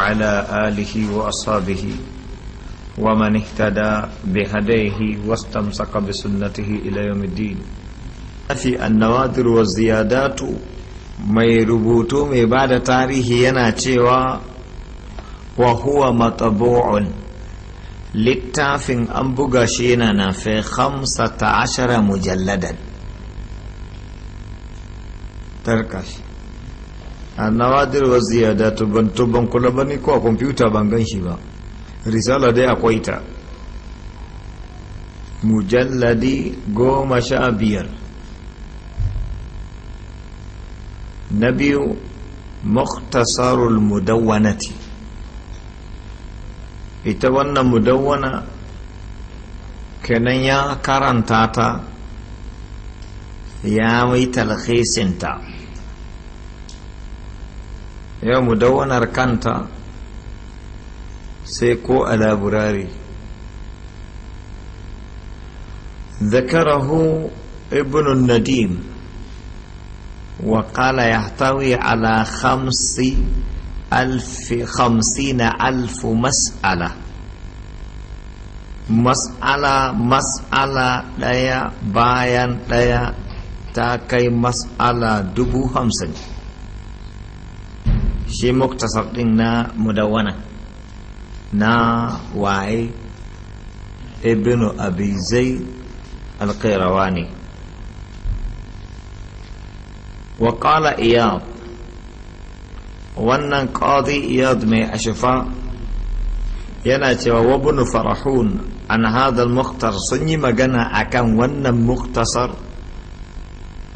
وعلى آله وأصحابه ومن اهتدى بهديه واستمسك بسنته إلى يوم الدين في النوادر والزيادات mai rubutu mai ba da tarihi yana cewa wa huwa matabu'un littafin an buga shi yana na fi hamsa ta ashara mujalladan tarkashi a nawadir wa ziyada tubban tubban kula bane ko a kwamfuta ban gan shi ba risala dai akwai ta mujalladi goma sha biyar na biyu muktasarul mudawwanati ita wannan mudawwana kenan ya karanta ta ya mai talhisinta yau mudawwanar kanta sai ko a laburari ذكره ابن النديم وقال يحتوي على خمس ألف خمسين ألف مسألة مسألة مسألة ليا باين ليا تاكي مسألة دبو خمسين shi muktasar din na mudawana na waye ibnu abi zai alƙairawani wa ƙala iyad wannan ƙadi iyad mai ashifa yana cewa wabnu farahun an hadal muktar sun yi magana akan wannan muktasar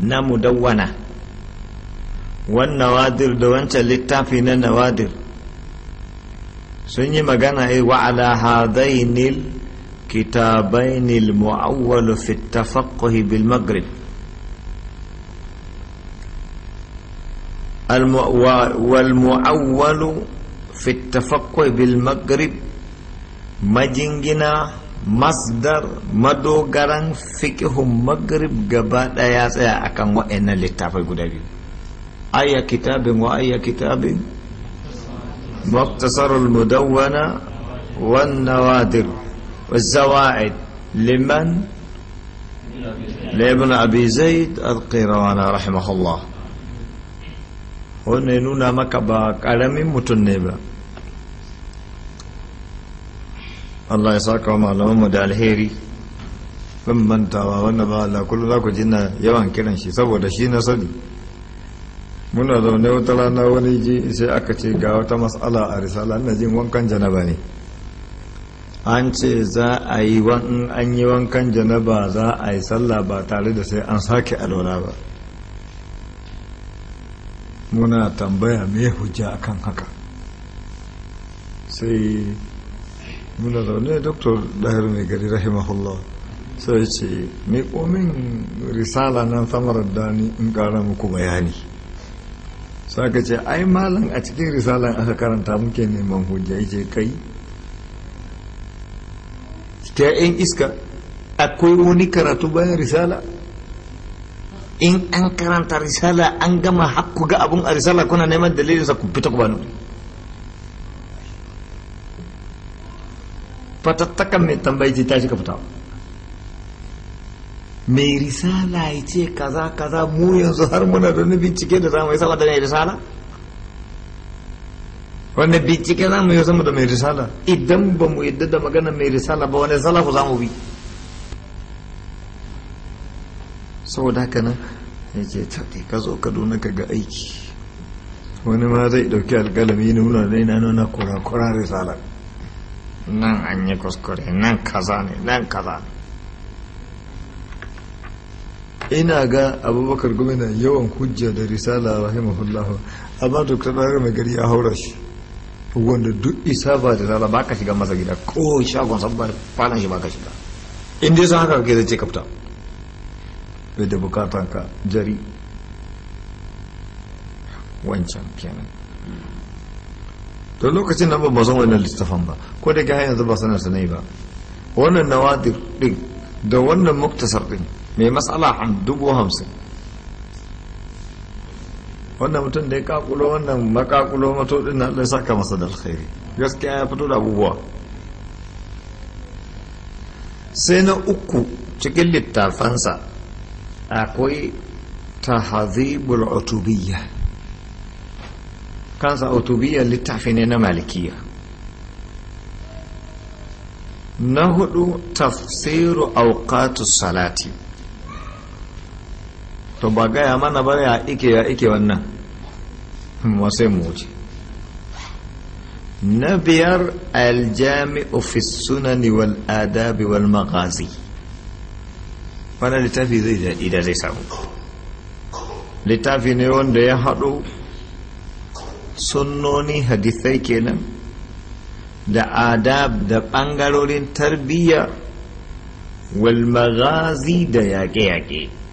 na mudawana wan nawadir da wancan littafi na nawadir sun yi magana ai eh, wa ala hadainil kitabainil mu'awwalu fi tafaqquhi bil maghrib والمعول في bil بالمغرب majingina masdar madogaran فقه المغرب gaba daya tsaya akan wa'annan littafai guda biyu أي كتاب وأي كتاب مقتصر المدونة والنوادر والزواعد لمن لابن أبي زيد القيروان رحمه الله هنا نونا مكبا كلام متنبا الله يساك وما لهم ودع الهيري ثم انتوا ونبا كل ذاك جنة يوان كرنشي سبو دشينا صدي muna zaune wata rana wani ji sai aka ce ga wata matsala a risala na jin wankan janaba ne an ce za a yi an yi wankan janaba za a yi sallah ba tare da sai an sake alwala ba muna tambaya me hujja akan haka sai muna zaune doktor dahir mai gari rahimahullah sai ce mai komin risala nan samarar dani in kara muku bayani saka ce ai malam a cikin risalar aka karanta muke neman hujja yake kai ta yan iska akwai wani karatu bayan risala in an karanta risala an gama hakku ga abun a risala kuna neman dalilinsa ku fita ku bani fatattakan mai tambayi ta shiga fita mai risala ya ce kaza kaza mu yanzu har muna da wani bincike da zamu yi sama da mai risala wanda bincike zamu yi sama da mai risala idan ba mu yadda da magana mai risala ba wani salafu za mu bi saboda haka nan ya ce tafi ka zo kaduna ka ga aiki wani ma zai dauki alkalami nuna dai na nuna kura-kura risala nan an yi kuskure nan kaza ne nan kaza ne ina ga abubakar gwamna yawan hujja da risala rahimahullah amma dr ɗarar mai gari ya haura shi wanda duk isa ba da rana ba ka shiga masa gida ko shagon sabbar falon shi ba ka shiga inda ya sun haka kai zai ce kafta bai da bukatan ka jari wancan kenan to lokacin nan ba san wannan littafin ba ko da ga yanzu ba sanar sanai ba wannan nawadir din da wannan muktasar din mai matsala dubu hamsin wannan mutum da ya kakulo wannan makakulo matodin na Allah saka masa da alkhairi gaskiya ya fito da abubuwa sai na uku cikin littafansa akwai tahazibul utubiyya kansa utubiyya littafi ne na malikiya na hudu tafsiru auqatus salati to ba gaya mana ba ya ike ya ike wannan wasai mu wuce na biyar aljami'u fi sunani wal adabi wal makazi wani littafi zai daɗi da zai samu littafi ne wanda ya haɗo sunnoni hadisai kenan da adab da ɓangarorin tarbiyya wal magazi da yaƙe-yaƙe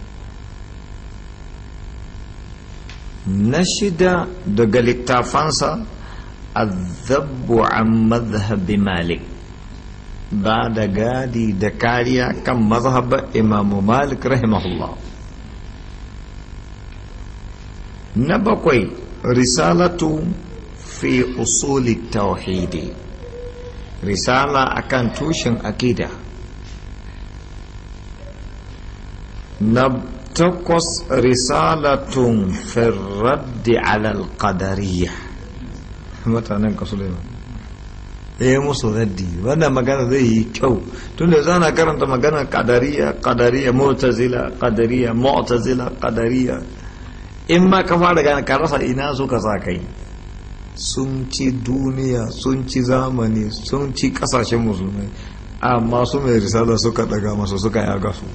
na shida daga littafansa azabbu mazhabi malik ba da gadi da kariya kan mazhab imamu malik rahimahullah na bakwai risalatu fi usuli tauhidi risala akan tushen akida na takwas risalatun firraddi alal qadariya mutanen ka suleiman ya eh, musu raddi wannan magana zai yi kyau tun da zana karanta magana kadariya kadariya mu'tazila kadariya mu'tazila kadariya in ma ka fara gane ka rasa ina suka sa kai sun ci duniya sun ci zamani sun ci kasashen musulmai amma su mai risala suka daga masu suka yaga su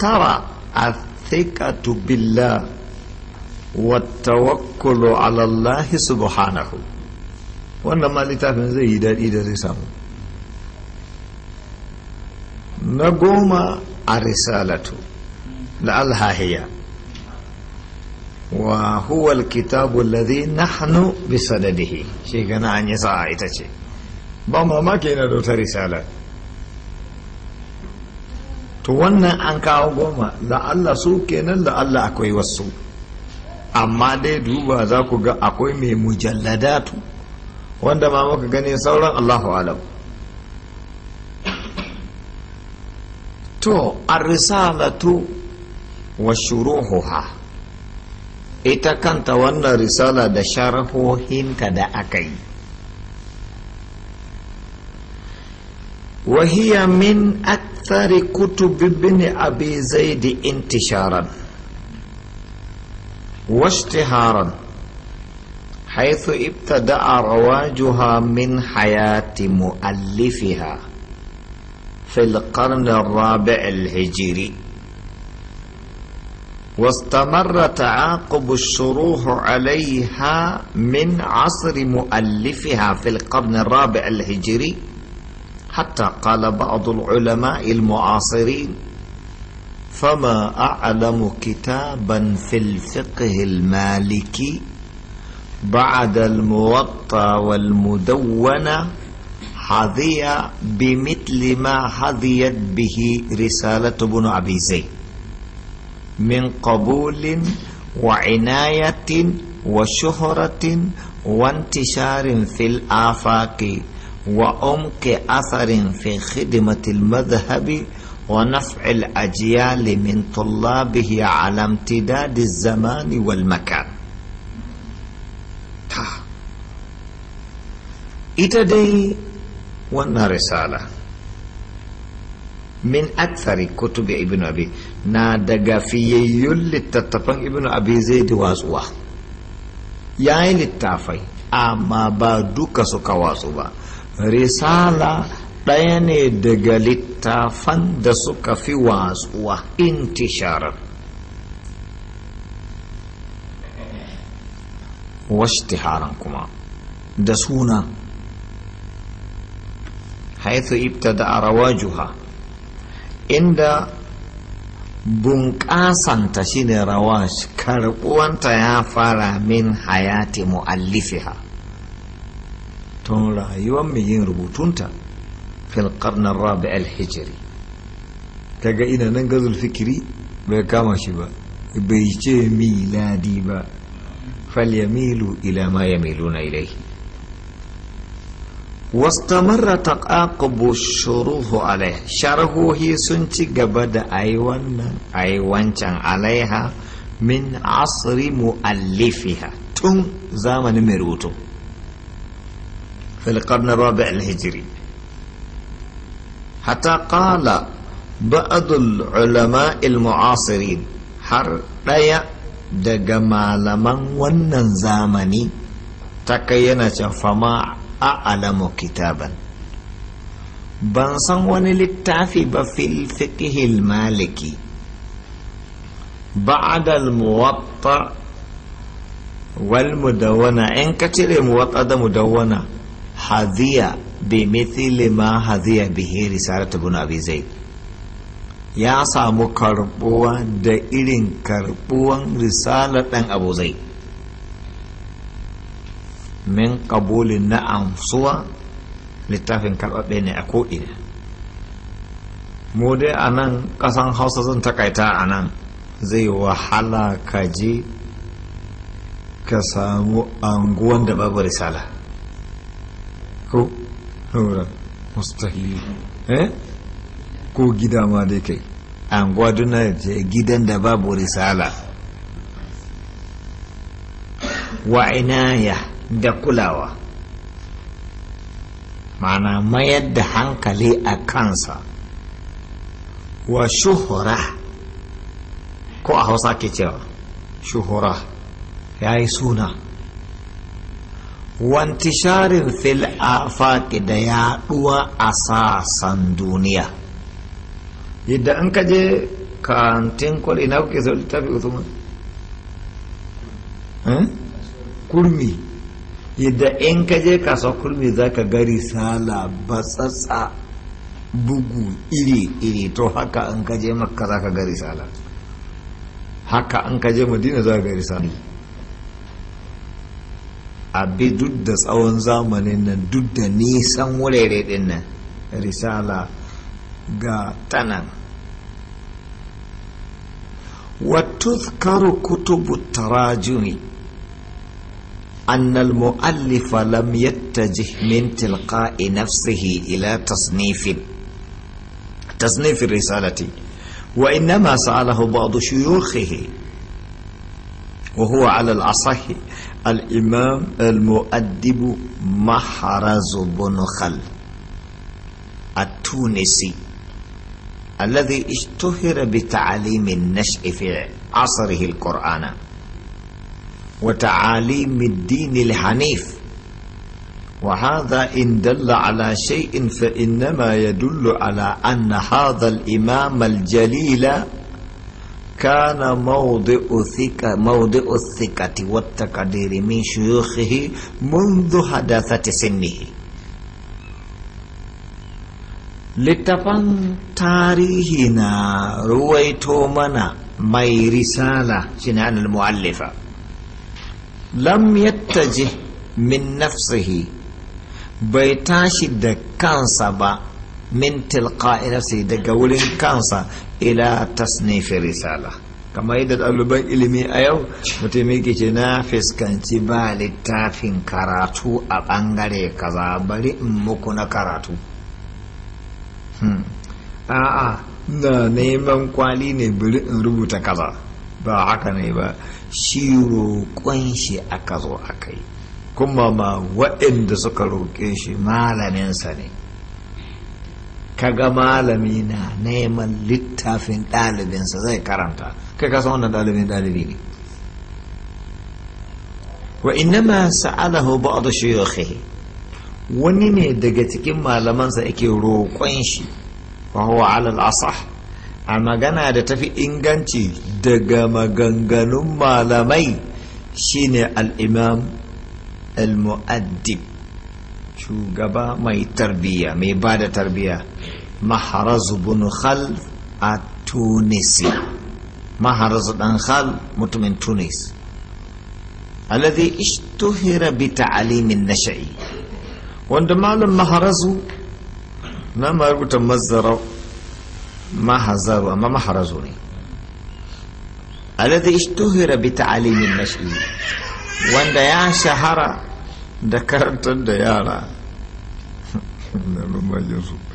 ترى الثقة بالله والتوكل على subhanahu. سبحانه wannan ma littafin zai yi daɗi da zai na goma a risalatu da alhahiya wa huwal kitabu ladhi nahnu bisadadihi shi gana an yi sa'a ita ce ba mamaki na da wata risala to wannan an kawo goma la'alla su kenan la'alla akwai wasu amma dai duba za ku ga akwai mai mujalladatu wanda ma muka gani sauran allahu alam to risalatu wa shuruhuha ita kanta wannan risala da sharhohinta da aka yi وهي أكثر كتب ابن أبي زيد انتشارا واشتهارا حيث ابتدأ رواجها من حياة مؤلفها في القرن الرابع الهجري واستمر تعاقب الشروح عليها من عصر مؤلفها في القرن الرابع الهجري حتى قال بعض العلماء المعاصرين فما أعلم كتابا في الفقه المالكي بعد الموطى والمدونة حظي بمثل ما حظيت به رسالة ابن أبي زيد من قبول وعناية وشهرة وانتشار في الآفاق وعمق أثر في خدمة المذهب ونفع الأجيال من طلابه على امتداد الزمان والمكان إتدي وانا رسالة من أكثر كتب ابن أبي نادق في يل التطفن ابن أبي زيد واسوا يا للتافي أما بادوك سكواسوا risala ɗaya ne daga littafan da suka fi watsuwa intisharar washtiharan kuma da suna haithu da a rawajuha inda bunƙasanta shine rawash karɓuwanta ya fara min hayati mu'allifiha Tun rayuwar mai yin rubutunta fil karnar rabi alhijiri ta ga ina nan gazul fikiri bai kama shi ba bai ce miladi ba falyamilu ila ma ya milu na ilai wastamarra ta ƙaƙubu shuruhu alai sharhohi sun ci gaba da aiwannan aiwancan alaiha min asiri mu tun zamanin mai rubutu في القرن الرابع الهجري حتى قال بعض العلماء المعاصرين har ɗaya daga malaman wannan zamani ta kai yana can fama a alamu kitaban ban san wani littafi ba fil fiqhil maliki ba'da al-muwatta wal mudawwana in ka cire muwatta da mudawwana haziya bi mithli ma haziya bihi risalatu ibn abi ya samu karbuwa da irin karbuwan risalar dan abu zaid min qabulin na amsuwa littafin karɓaɓɓe ne a ko'ina mu dai a nan ƙasan hausa zan takaita a nan zai wahala ka je ka samu anguwan da babu risala ko hura mustahili eh ko gida ma dai kai anguwa duna gidan da babu risala wa inaya da kulawa Ma'ana mayar da hankali a kansa wa shuhura ko a hausa ke cewa shuhura ya yi suna wantisharin fil afaki da yaduwa a sassan duniya yadda an kaje kantin kwal na kuke sau littafi usman kurmi yadda in kaje kasuwa kurmi za ka gari sala batsatsa bugu iri-iri to haka an kaje makka za ka gari sala haka an kaje madina za ka gari sala abi duk da tsawon zamanin nan duk da nisan wurare din nan risala ga tanan وتذكر كتب التراجم أن المؤلف لم يتجه من تلقاء نفسه إلى تصنيف تصنيف الرسالة وإنما سأله بعض شيوخه وهو على الأصح الإمام المؤدب محرز بن خل التونسي الذي اشتهر بتعليم النشء في عصره القرآن وتعاليم الدين الحنيف وهذا إن دل على شيء فإنما يدل على أن هذا الإمام الجليل كان موضع ثقة موضع الثقة والتقدير من شيوخه منذ حداثة سنه littafan tarihi na ruwaito mana mai risala shine anil mu'allifa lam yattaji min nafsihi bai tashi da kansa ba min tilqa'i nafsi daga wurin kansa ila tasnifin risala kamar yadda ɗaliban ilimi a yau mutum yake ce na fiskanci ba littafin karatu a ɓangare kaza bari in muku na karatu hmm. a'a na neman kwali ne bari in rubuta kaza ba haka ne ba shi roƙon shi aka zo a kai. kuma ma waɗanda suka roƙe shi malaminsa ne kaga malami na neman littafin ɗalibinsa zai karanta kai san wannan ɗalibin ɗalibi ne wa innama sa'alahu ba'd shuyukhihi wani ne daga cikin malamansa yake roƙon shi wa huwa 'ala al-asah a magana da tafi inganci daga maganganun malamai shine al-imam al-mu'addib shugaba mai tarbiyya. mai ba da maharaz bin khal a tunisi maharaz dan khal mutumin tunis alladhi ishtuhira bi wanda malam maharazu na marubuta mazzara mahazaru amma maharazu ne alladhi ishtuhira bi wanda ya shahara da karantar da yara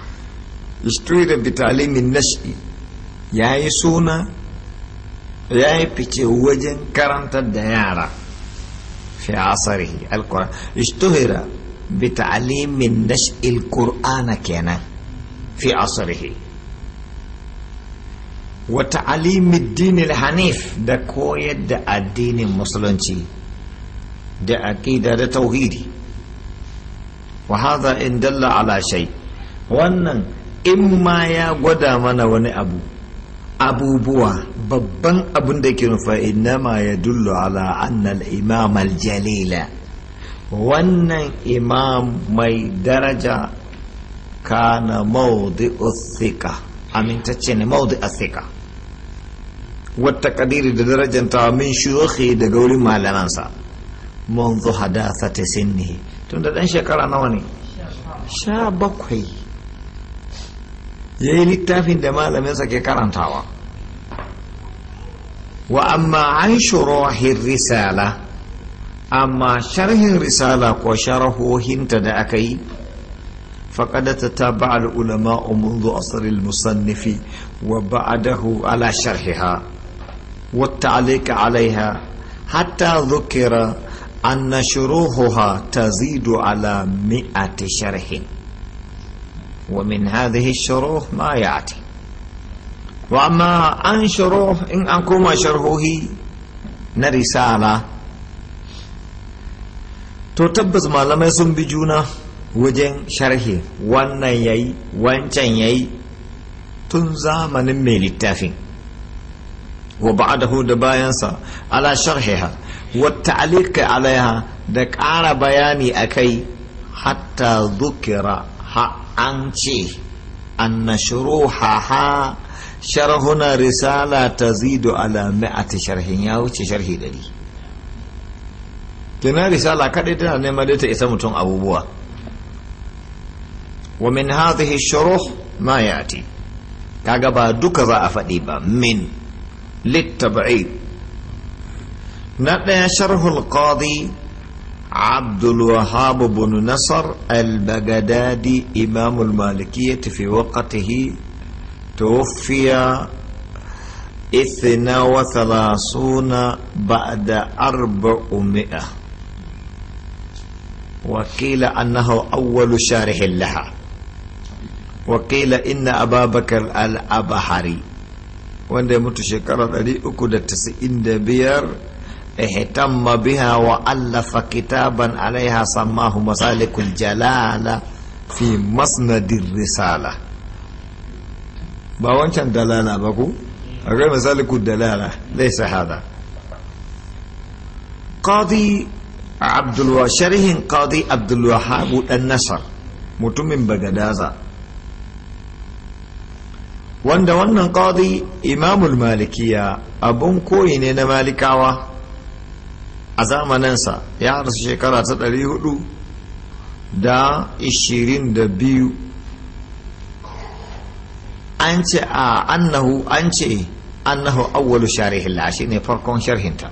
استعير بتعليم النشء ya yi suna ya yi fice wajen karantar da yara fi asarihi alkur'an ishtuhira bi ta'limin nash'il qur'ana kenan fi asarihi wa ta'limin dinil hanif da koyar da addinin musulunci da aqida da tauhidi wa hadha in dalla ala shay wannan in ma ya gwada mana wani abu abubuwa babban abun da ke nufa ma ya dullu ala annal imam aljalila wannan imam mai daraja kana maudi usika amintacce ne maudi asika wata kadiri da darajanta min shuyukhi daga wurin malamansa منذ da سنه tun da dan shekara nawa ne sha bakwai ya yi littafin da malaminsa ke karantawa wa amma an shirohin risala amma sharhin risala ko sharhohinta da aka yi faƙadata ta ba'al ulama umundu asirin musannifi wa ba'adahu ala sharhiha wata alaika alaiha hatta zukira an na shirohoha ta zido ala mi'ati sharhin ومن هذه الشروح ما يأتي وأما أن شروح إن أقوم شرحه نرسالة تتبز ما لم يسم بجونا وجن شرحه وانا يي وانشان يي تنزى من التافين وبعده دباينسا على شرحها والتعليق عليها دك على بياني أكي حتى ذكر ha an ce an na ha sharhuna risala ta zido ala mi'ati sharhin ya wuce sharhi dari kenan risala kaɗai tana nema dai ta isa mutum abubuwa wa min hadhihi shuruh ma ya'ti kaga ba duka za a faɗi ba min littaba'i na ɗaya sharhul qadi عبد الوهاب بن نصر البغدادي إمام المالكية في وقته توفي اثنا وثلاثون بعد أربعمائة وقيل أنه أول شارح لها وقيل إن أبا بكر الأبحري وأن متشكرا لأكدت سئين بير اهتم بها وألف كتابا عليها سماه مسالك الجلالة في مسند الرسالة باوانشان دلالة بكو غير مسالك الدلالة ليس هذا قاضي عبد الوهاب شرح قاضي عبد الوهاب النصر متمم بغداza wanda wannan qadi imamul malikiya abun koyi ne na malikawa a zamaninsa ya rasu shekara ta ɗari da ishirin an ce a annahu an ce annahu awwalu sharihillah shi ne farkon sharhinta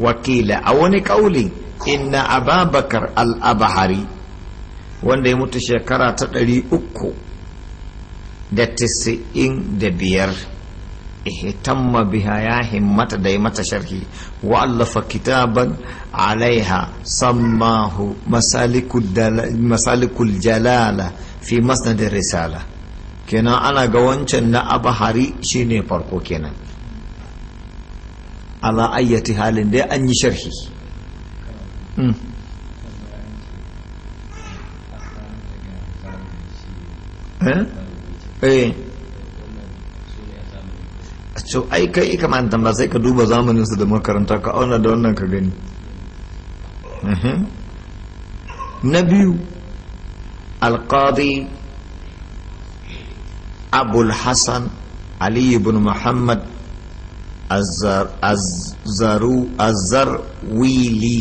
wakila a wani ƙauli inna ababakar al'abahari wanda ya mutu shekara ta ɗari uku da da biyar ihtamma biha ya mata sharhi wa allafa alaiha sammahu masalikul jalala fi masnadin risala kenan ana wancan na abahari shine farko kenan ala halin dai an yi sharhi hmm. eh? Eh. so ai kai an ba sai ka duba zamanin su da makaranta ka auna da wannan ka gani mhm. na biyu alqadi abul hassan ali ibn muhammad azar wili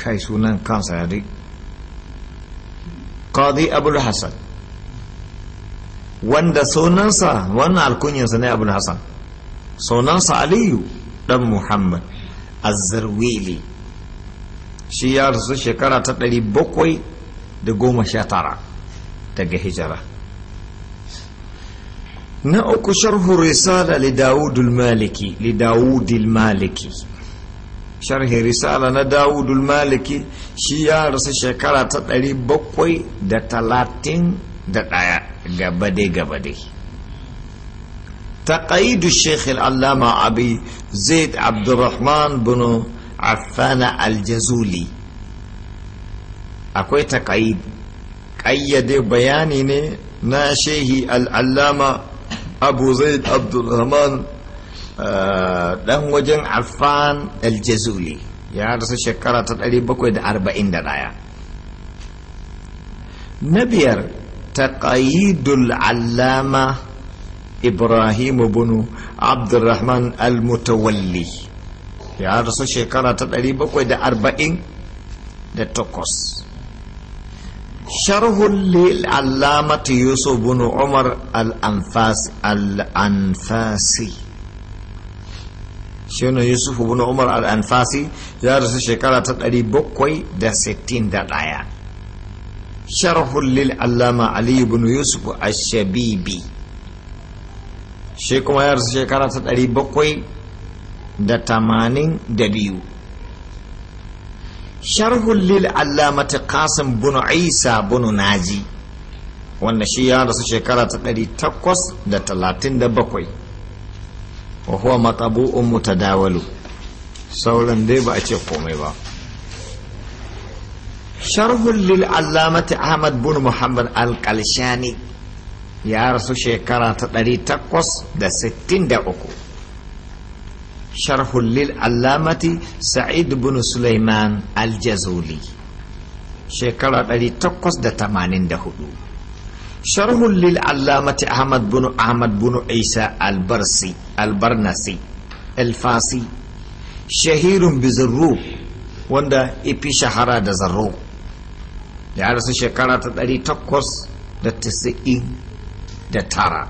kai sunan kansa ya dai qadi abul hassan wanda sunansa wannan alkunyarsa ne abu hasan sunansa aliyu dan muhammad azzarwili shi ya rasu shekara ta ɗari bakwai da goma sha tara daga hijira na uku sharhu risala li dawudul maliki li dawudul maliki sharhi risala na dawudul maliki shi ya rasu shekara ta ɗari bakwai da talatin da ɗaya gaba dai ta dai taqayidu sheikh allama abi zaid abdurrahman bin affan al-jazuli akwai taqayid bayani ne na shehi al-allama abu zaid abdurrahman eh, dan wajen affan aljazuli ya rasa shekara ta 741 na biyar Ta taqayidul allama ibrahim bin abdurrahman al-mutawalli ya rasu shekara ta 748 da takwas sharhul lil allamati yusuf bin umar al-anfasi al-anfasi shine yusuf bin umar al-anfasi ya rasu shekara ta 761 sharh lil allama Aliyu ibn yusuf ash-shabibi shi ya rasu shekara ta ɗari bakwai da tamanin da biyu sharhun lil allamati qasim bin isa bin naji wanda shi ya rasu shekara ta ɗari takwas da talatin da bakwai wa huwa matabu'un mutadawalu sauran dai ba a ce komai ba sharhu lil allamati ahmad bin muhammad al ya rasu shekara ta 863 sharhu lil allamati sa'id bin sulaiman al jazuli shekara 884 sharhu lil allamati ahmad bin ahmad bin isa al barsi al barnasi al wanda ifi shahara da zarru. ya rasu shekara ta ɗari takwas da tisa'in da tara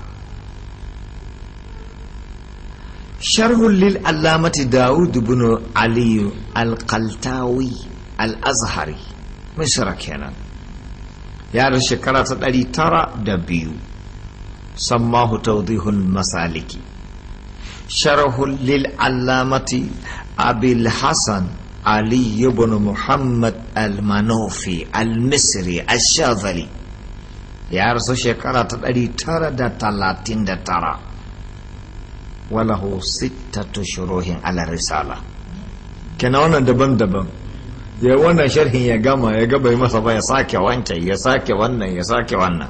sharhun lil alamati dawud bin aliyu alkaltawi al'azhari misra kenan ya rasu shekara ta ɗari tara da biyu sammahu taudihun masaliki sharhun lil allamati abil hassan علي بن محمد المنوفي المصري الشاذلي يا رسول شكرا تدري ترى دا تلاتين دا ترى وله ستة شروح على الرسالة كان وانا دبن دبن ya wannan sharhin ya gama ya gaba yi masa ba ya sake wancan ya sake wannan ya sake wannan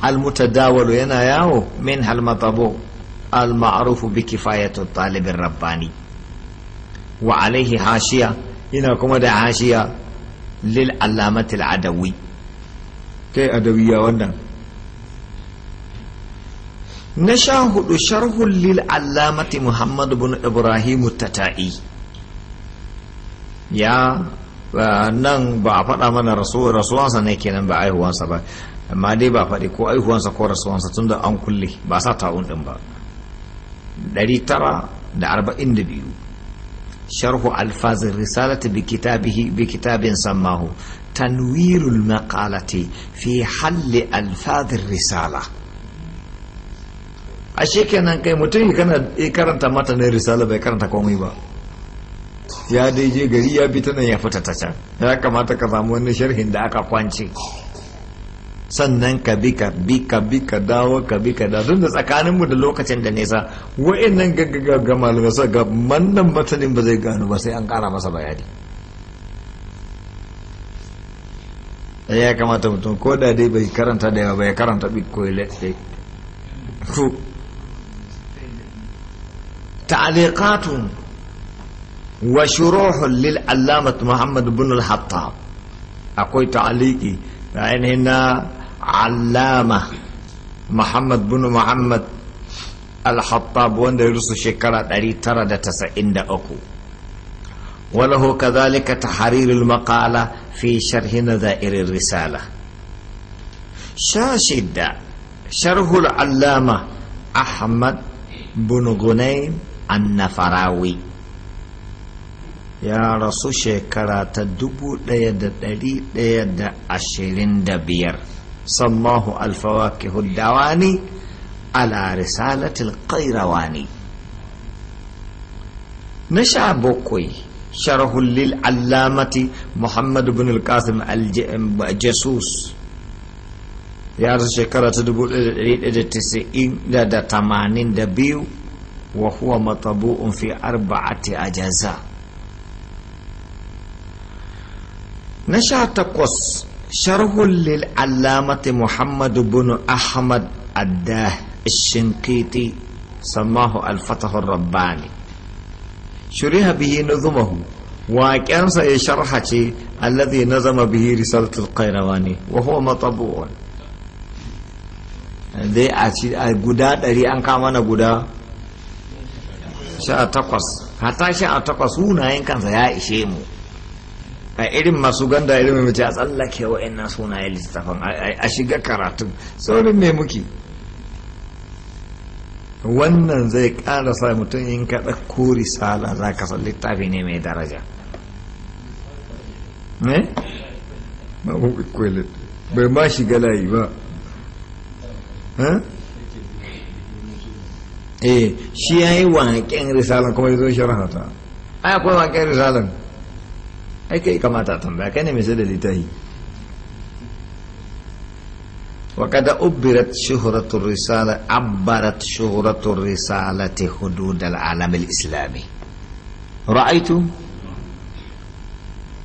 almutadawalu yana yawo min halmatabo al-ma'rufu bi kifayatu Ɗalibin rabbani wa alaihi hashiya yana kuma da hashiya lil alamatil adawi kai adawiya wannan na sha hudu sharhun lil alamati muhammad bin ibrahim tata'i ya nan ba a faɗa mana rasuwansa ne kenan ba aihuwansa ba amma dai ba faɗi ko aihuwansa ko rasuwansa tun da an kulle ba sa ta'un ɗin ba 942 sharhu alfazin risalati بكتابه بكتاب sammahu tanwirul المقالة في حل alfazin risala ashe kenan kai mutum ya karanta matanin risala bai karanta komai ba ya dai je gari ya bi ta ya fita ta can ya kamata ka samu wani sharhin da aka kwance sannan ka bi ka bi ka bi ka dawo ka bi ka dawo tun da tsakaninmu da lokacin da nesa wa'annan gaggaga ga sa ga mannan matanin ba zai gano ba sai an kara masa bayani eh, ya kamata mutum ko da dai bai karanta da yawa bai karanta bi bitcoin letse ku ta'aliqatun wa shuruhun lil allamatu muhammad ibn al-hattab akwai ta'aliki بعدين يعني هنا علامة محمد بن محمد الحطاب وند يرسو شكرا داري ترى دا تسعين أكو وله كذلك تحرير المقالة في شرح نذائر الرسالة شاشد شرح العلامة أحمد بن غنيم النفراوي ya rasu shekara ta dubu ɗaya da ɗari ɗaya da ashirin da biyar sammahu alfawaki huddawani ala risalatil qairawani na sha bakwai sharhul lil allamati muhammad bin al-qasim al-jasus ya rasu shekara ta dubu ɗaya da tisa'in da tamanin da biyu wa huwa matabu'un fi arba'ati ajaza na sha takwas sharhun lil allamati muhammadu bin ahmad adda shinkiti sammahu alfatahun rabbani shuriha bihi zumahu waƙensa ya sharha ce allazi nazama bihi risalatul qairawani wa huwa matabu'un dai a ci a guda ɗari an kama na guda sha takwas hata sha takwas sunayen kansa ya ishe mu a irin masu ganda irin mace a tsallake wa ina suna yi littafin a shiga karatun saurin mai muke wannan zai ƙara sa mutum in ka ɗauko risala za ka san littafi ne mai daraja ne? Eh? bai ma shiga layi ba eh? eh shi ya yi waƙen risalan kuma ya zo shi rahata akwai waƙen risalan aiki kamata tambaya kai ne mai sai dalita yi wa kada ta hudu da al'alamin islami ra'aitu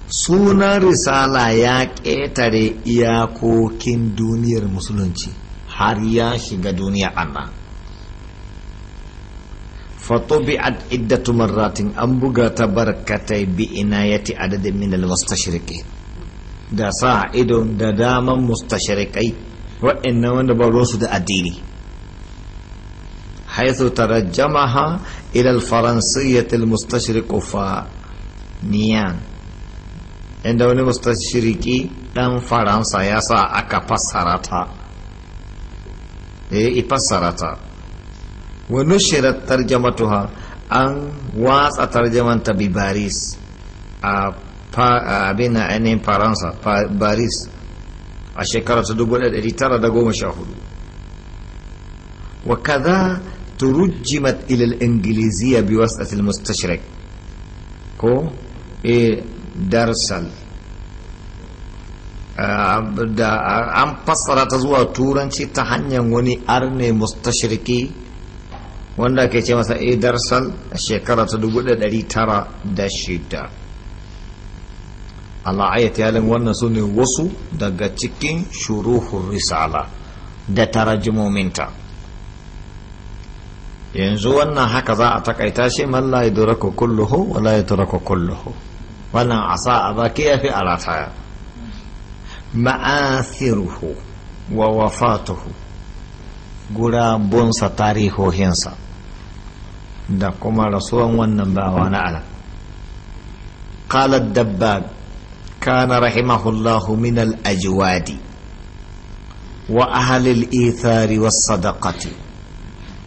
sunan risala ya ƙetare iyakokin duniyar musulunci har ya shiga duniya annan Foto biyat idadumar latin an buga ta rikatai bi ina ya tiya adadin minɗal wasu da sa i doon dadaaman wasu ta shirikai wa in nawa da addini. Haza tare jama'a ilhal faransiyya ta musu ta fa nian inɗa wani wasu ta dan faransa yasa aka fassarata. E, i fassarata. wa nushirat tarjamatuha an watsa tarjamanta bi baris a abin na ainihin faransa baris a shekara ta hudu wa kaza turujjimat ilal ingiliziya bi wasu wasatil mustashrik ko e darsal an fassara ta zuwa turanci ta hanyar wani arne mustashirki wanda ke ce masa idarsal a shekara ta dubu da dari tara shida yalin wannan su ne wasu daga cikin shuruhun risala da tarajimominta yanzu wannan haka za a takaita shi ya la ko kulluhu ya dora yudraka kulluhu wannan sa a baki yafi a rataya ma'asiruhu wa wafatuhu gurabunsa tarihohinsa da kuma rasuwan wannan bawa na ala قال الدباب كان رحمه الله من الأجواد وأهل الإيثار والصدقة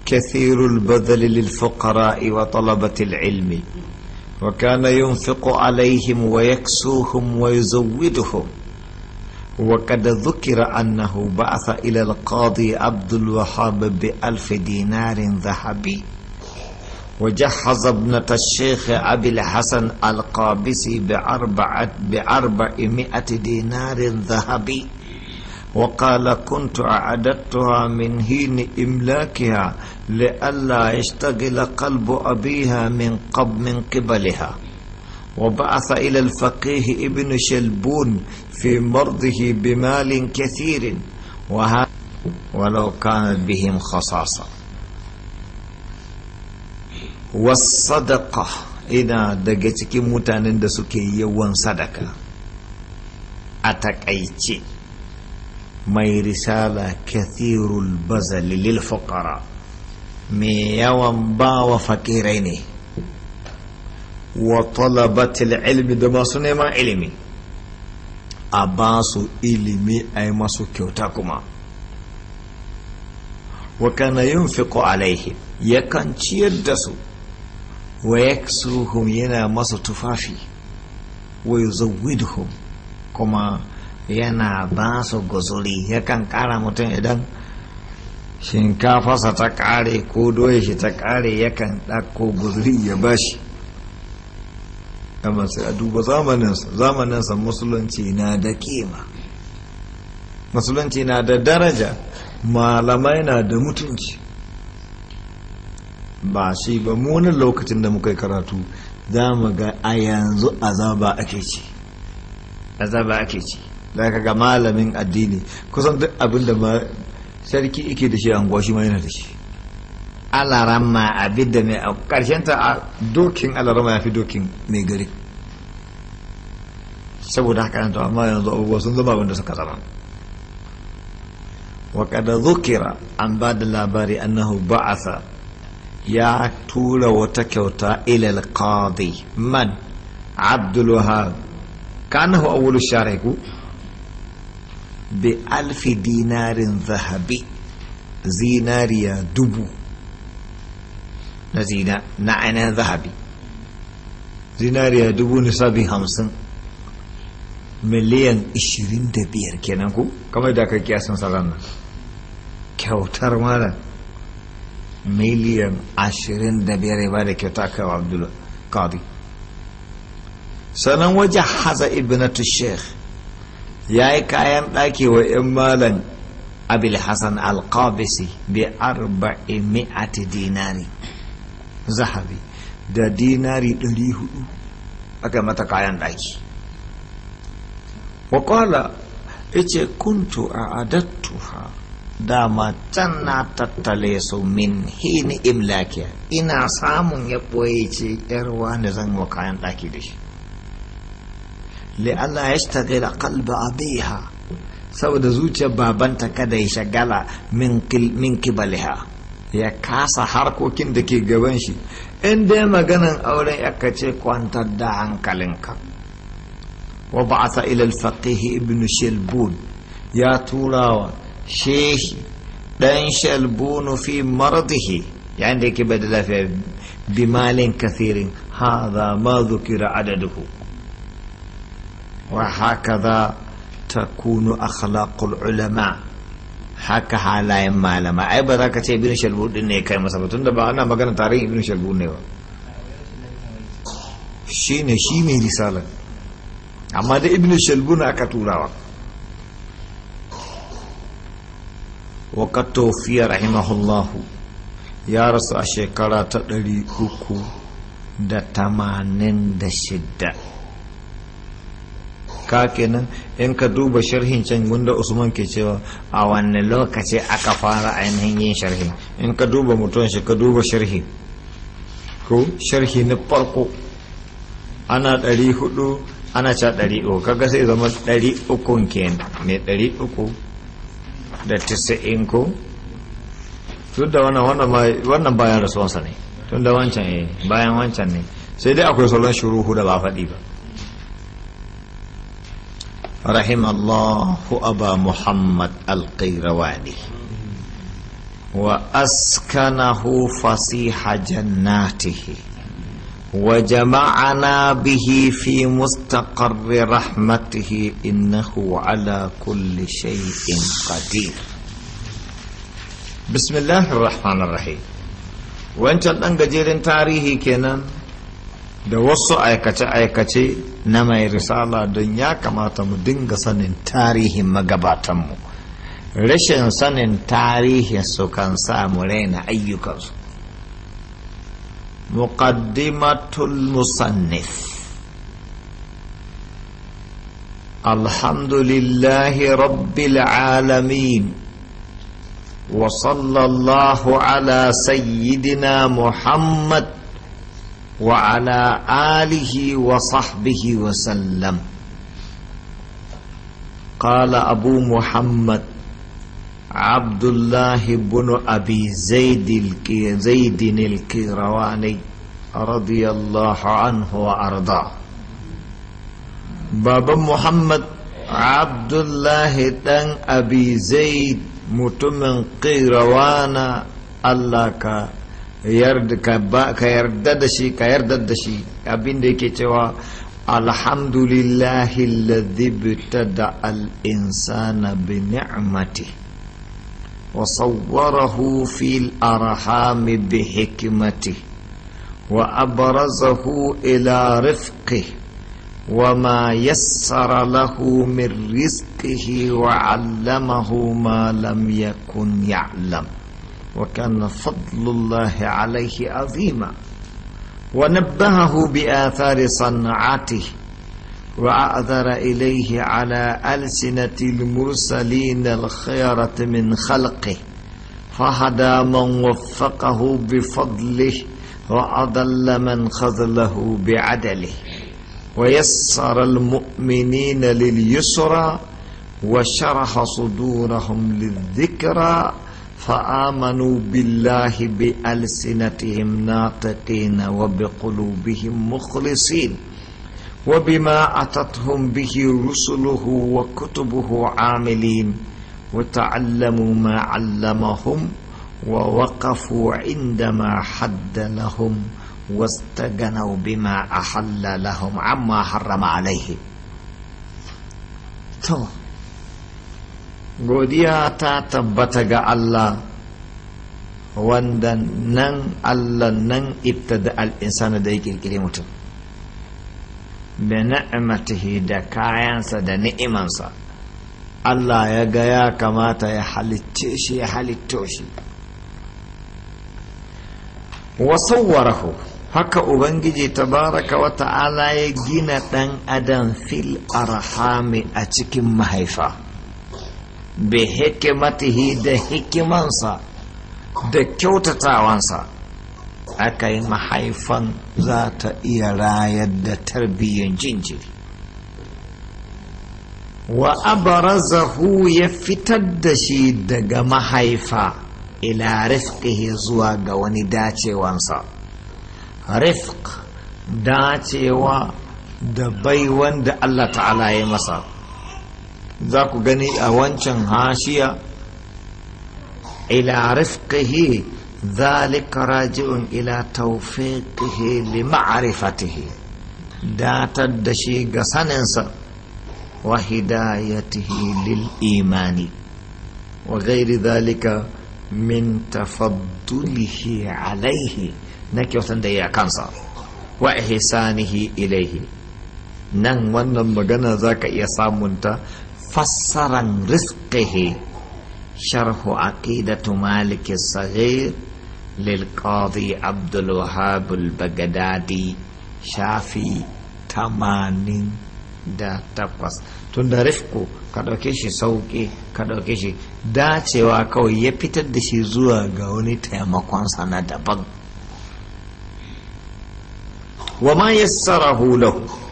كثير البذل للفقراء وطلبة العلم وكان ينفق عليهم ويكسوهم ويزودهم وقد ذكر أنه بعث إلى القاضي عبد الوهاب بألف دينار ذهبي وجهز ابنة الشيخ أبي الحسن القابسي بأربعة بأربعمائة دينار ذهبي وقال كنت أعددتها من حين إملاكها لئلا يشتغل قلب أبيها من قبل من قبلها وبعث إلى الفقيه ابن شلبون في مرضه بمال كثير ولو كانت بهم خصاصة والصدقة إنا دقتك متانين دسوكي يوان صدقة أتك أيتي مي رسالة كثير البزل للفقراء ميوان با وفكيريني وطلبت العلم دماسوني ما علمي a ba su ilimi a yi masu kyauta kuma wa kana yin fiko alaihi yakan ciyar da su wa yaksuhum yana masu tufafi wa yuzawwiduhum kuma yana ba su guzuri yakan kara mutum idan shinkafarsa ta kare ko doya shi ta kare yakan ɗauko guzuri ya bashi kamar sai a duba zamaninsa zamaninsa musulunci na da kima musulunci na da daraja malamai na da mutunci ba shi ba munin lokacin da muka karatu za mu ga a yanzu azaba ake ci azaba ake ci da ka ga malamin addini kusan duk abin da sarki ike da shi an gwashi mai yana da shi alarama abin da mai a ta a dokin alarama ya fi dokin mai gari saboda haka yanzu amma yanzu abubuwa sun zama wanda da suka zama waƙada zukira an ba da labari annahu ba'asa ya tura wata kyauta ilal qadi man abdul a kanahu share ku. bi alfi dinarin zahabi zinariya dubu na zina na ainihin zahabi zinariya dubu nisabi hamsin miliyan ishirin da biyar kenan ku kamar da aka kiyasin saran nan kyautar malam miliyan ashirin da biyar ya bada kyauta kai wa abdul qadi sanan waje haza ibnatu sheikh ya yi kayan ɗaki wa 'yan malam abil hassan al alqabisi bi arba'in mi'ati dinari zahabi da dinari 400 aka mata kayan ɗaki wakwala ce kuntu a adattuha da matan na tattale su min hini imlakiya ina samun ya ɓoye ce yarwa na zan wa kayan ɗaki da shi li'alla ya shtagila kalba abiha saboda zuciyar babanta kada ya shagala min kibaliha ya kasa harkokin da ke gaban shi in dai maganan auren aka ce kwantar da hankalinka wa ba'atha ila al-faqih ibn shalbun ya turawa shehi dan shalbun fi maradihi yayin da yake bai da lafiya bimalin kathirin hadha ma dhukira adaduhu wa hakaza takunu akhlaqul ulama' haka halayen malama ai ba za ka ce ibn shalbur din ne kai masa da ba ana magana tare ibn shalbur ne ba shi ne shi mai risalar amma da ibn shalbur aka turawa wa tofiya rahimahullahu ya rasu a shekara ta ɗari uku da tamanin da shidda ka kenan in ka duba sharhin can gunda usman ke cewa a wanne lokaci aka fara ainihin yin sharhi in ka duba mutum shi ka duba sharhi ko sharhi na farko ana ɗari hudu ana ca ɗari uku kaga sai zama ɗari ukun kenan mai ɗari uku da tisa'in ko duk da wannan bayan rasuwansa ne tun da wancan eh, bayan wancan ne sai dai akwai salon shuru da ba faɗi ba رحم الله أبا محمد القيرواني وأسكنه فصيح جناته وجمعنا به في مستقر رحمته إنه على كل شيء قدير بسم الله الرحمن الرحيم وانت الان gajeren tarihi kenan da wasu aikace-aikace na mai risala don ya kamata mu dinga sanin tarihin magabatanmu rashin sanin tarihinsu kan sa mu raina ayyukansu muqaddimatul musannif الحمد لله رب العالمين وصلى الله على سيدنا محمد وعلى آله وصحبه وسلم قال أبو محمد عبد الله بن أبي زيد زيد الكيرواني رضي الله عنه وأرضاه بابا محمد عبد الله تن أبي زيد متمن قيروانا الله ka yarda da shi ka yarda da shi abinda yake cewa alhamdulillahi da btada al-insana bi ni'mati wa sawwarahu fil arhami bi hikmati wa abrazahu ila rifqihi وما يسر له من رزقه وعلمه ما لم يكن يعلم وكان فضل الله عليه عظيما ونبهه بآثار صنعته وأعذر إليه على ألسنة المرسلين الخيرة من خلقه فهدى من وفقه بفضله وأضل من خذله بعدله ويسر المؤمنين لليسرى وشرح صدورهم للذكرى فامنوا بالله بالسنتهم ناطقين وبقلوبهم مخلصين وبما اتتهم به رسله وكتبه عاملين وتعلموا ما علمهم ووقفوا عندما حد لهم واستغنوا بما احل لهم عما حرم عليه godiya ta tabbata ga Allah wanda nan Allah nan ibtada al'insana da ya kirkiri mutum da na'amatihi da kayansa da ni'imansa Allah ya ga ya kamata ya halicce shi ya halitto shi wasawwarahu haka ubangiji tabaraka Wata ta'ala ya gina ɗan adam fil arhami a cikin mahaifa bi hikimatihi da hikimansa da kyautatawansa aka yi mahaifan za ta iya rayar da tarbiyyar jinjiri wa abarazahu ya fitar da shi daga mahaifa ila rifkihi zuwa ga wani dacewansa rifk dacewa da bai wanda Allah ta'ala ya masa za ku gani a wancan hashiya ila rifkihi zalika raji'un ila tawfiqihi li ma'rifatihi datar da shi ga saninsa wa hidayatihi lil imani wa ghairi zalika min tafaddulihi alaihi na kyautan da ya kansa wa ihsanihi ilaihi nan wannan magana za ka iya samunta fassaran rizqihi sharhu aqidatu malik as-saghir lil qadi abdul wahhab al-bagdadi shafi 88 tunda rifku ka dauke shi sauki ka dauke shi dacewa kawai ya fitar da shi zuwa ga wani taimakon sana daban wa ma yassarahu lahu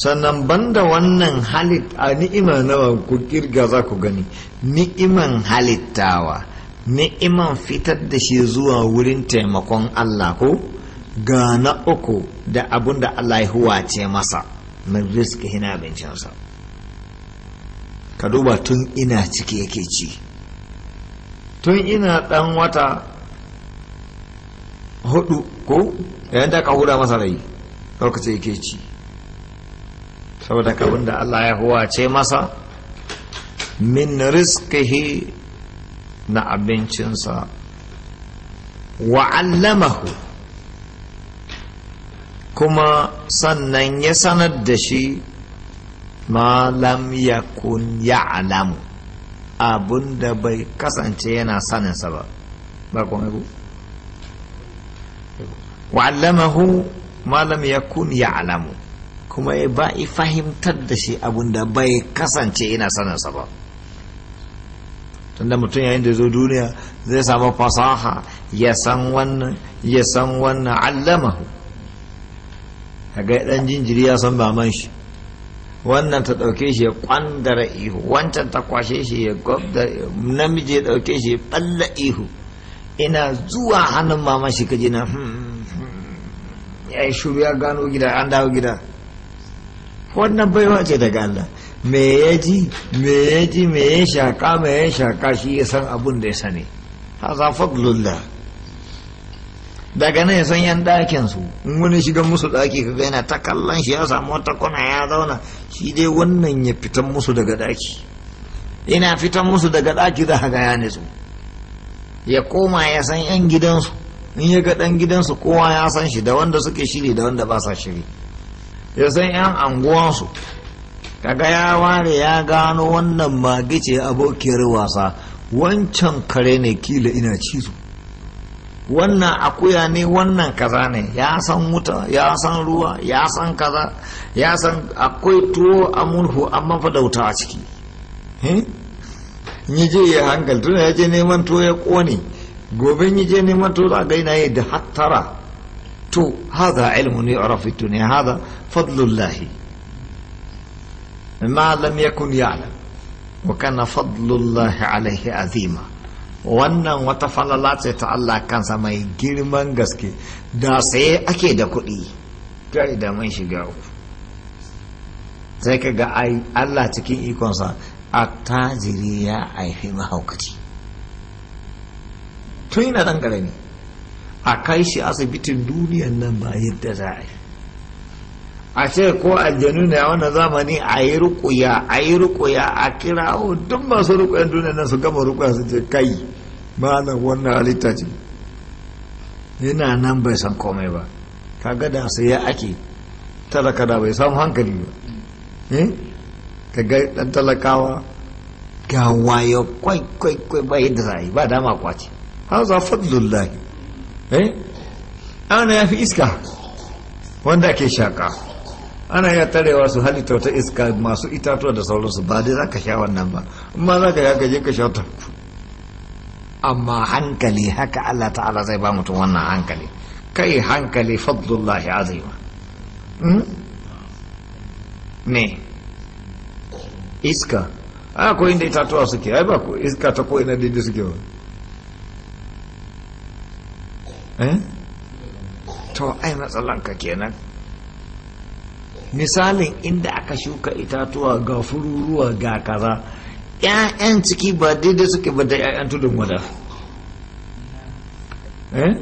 sannan banda wannan halit a ni'ima nawa ku kirga za ku gani ni'iman halittawa ni'iman fitar da shi zuwa wurin taimakon Allah ko ga na uku da abun da Allah ya huwace masa min riski hina bincinsa ka duba tun ina ciki yake ci tun ina dan wata hudu ko yadda ka huda masa rai lokaci yake ci saboda kabin da Allah ya huwace masa min rizqihi na abincinsa allamahu kuma sannan ya sanar da shi ma lam yakun alamu. abin da bai kasance yana saninsa ba ba kuma allamahu ma lam yakun alamu. kuma ya ba fahimtar da shi abun da bai kasance ina sanansa ba tunda mutum yayin da zo duniya zai samu fasaha ya san wannan ya san wannan allamahu kaga dan jinjiri ya san man shi wannan ta dauke shi ya kwandara ihu wancan ta kwashe shi ya gobda namiji ya dauke shi ya balla ihu ina zuwa hannun maman shi kaji na hmm, hmm, hmm, ya yi shuru ya gano gida an dawo gida wannan baiwa ce daga Allah me ya ji me ya ji me ya shaka me ya shaka shi ya san abun da ya sani haza fadlullah daga nan ya san yan ɗakin su in wani shiga musu ɗaki ka yana ta kallon shi ya samu wata kuna ya zauna shi dai wannan ya fitan musu daga ɗaki yana fitan musu daga ɗaki za ga ya nitsu ya koma ya san yan gidansu in ya ga ɗan gidansu kowa ya san shi da wanda suke shiri da wanda ba sa shiri ya san 'yan anguwansu kaga ya ware ya gano wannan mage ce abokiyar wasa wancan kare ne kila ina cizo wannan akuya ne wannan kaza ne ya san wuta ya san ruwa ya san kaza ya san akwai tuwo a murhu amma fa da wuta a ciki yi je ya hankal tuna ya je neman tuwo ya kone gobe yi je neman tuwo za ga yana yi da hattara to haza ilmu ne a rafi ne haza فضل الله ما لم يكن يعلم وكان فضل الله عليه عظيما wannan wata falala ce ta Allah kansa mai girman gaske da saye ake da kuɗi kai da shiga uku sai ka ga Allah cikin ikonsa attajiri ya haifi mahaukaci tun yana ɗan ƙarami a kai shi asibitin duniyan nan ba yadda za a yi a ce ko aljanu ne a wannan zamani a yi rukuya a yi rukuya a kira duk masu rukuyan duniya nan su gama rukuya su ce kai malam wannan halitta ce yana nan bai san komai ba kaga da su ya ake talaka da bai samu hankali ba eh? ka ga dan talakawa ga wayo kwai kwai kwai bai da za yi ba dama kwace za fadlullahi eh ana ya fi iska wanda ake shaka ana iya tarewa su halitta wata iska masu itatuwa da sauransu ba dai za ka sha wannan ba amma za ka je ka sha ta amma hankali haka Allah ta'ala zai ba mutum wannan hankali kai hankali fadlullahi azima ne hmm? iska A ko inda itatuwa suke ai ba ku iska ta ko ina daidai suke ba eh? to ai matsalanka kenan misalin inda aka shuka itatuwa ga fururuwa ga kaza ‘ya'yan ciki ba daidai suke ba da ‘ya'yan tudun wada eh?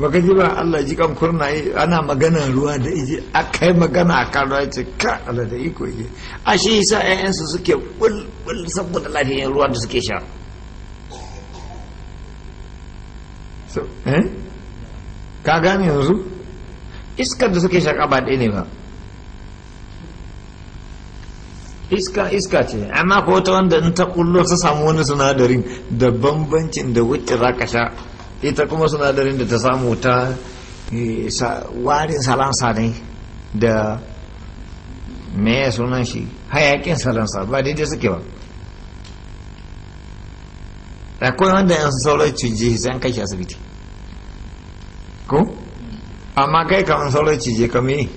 baka ji ba Allah ji kan kurna ana magana ruwa da iji aka yi magana a kan ruwa ce ka Allah da iko yi a shi yasa ‘ya'yansu suke bulbul saboda lafiyar ruwa da suke sha eh? ka gane yanzu iskar da suke shaka ba ɗaya ne ba iska iska ce amma ko ta wanda in ta kullo ta samu wani sinadarin da bambancin da wuce za ka sha ita kuma sinadarin da ta samu ta e, warin salansa ne da me sunan shi hayakin salansa ba daidai suke ba kuma wanda yan sauran cije zan an kai shi asibiti ko amma kai kamar sauran cije kamar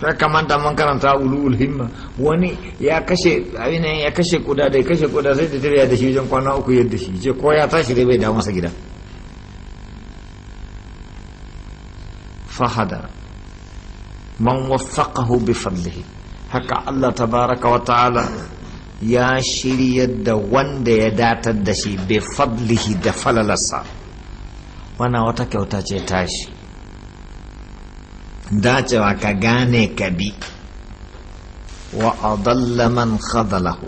sai kamanta man karanta ulul himma wani ya kashe abin ya kashe kuda da ya kashe kuda sai da tafiya da shi wajen kwana uku yadda shi je ko ya tashi dai bai dawo masa gida fahada man waffaqahu bi fadlihi haka Allah tabaraka wa ta'ala ya shiryar da wanda ya datar da shi bi fadlihi da falalarsa wana wata kyauta ce tashi dacewa ka gane ka bi wa adalla man khadalahu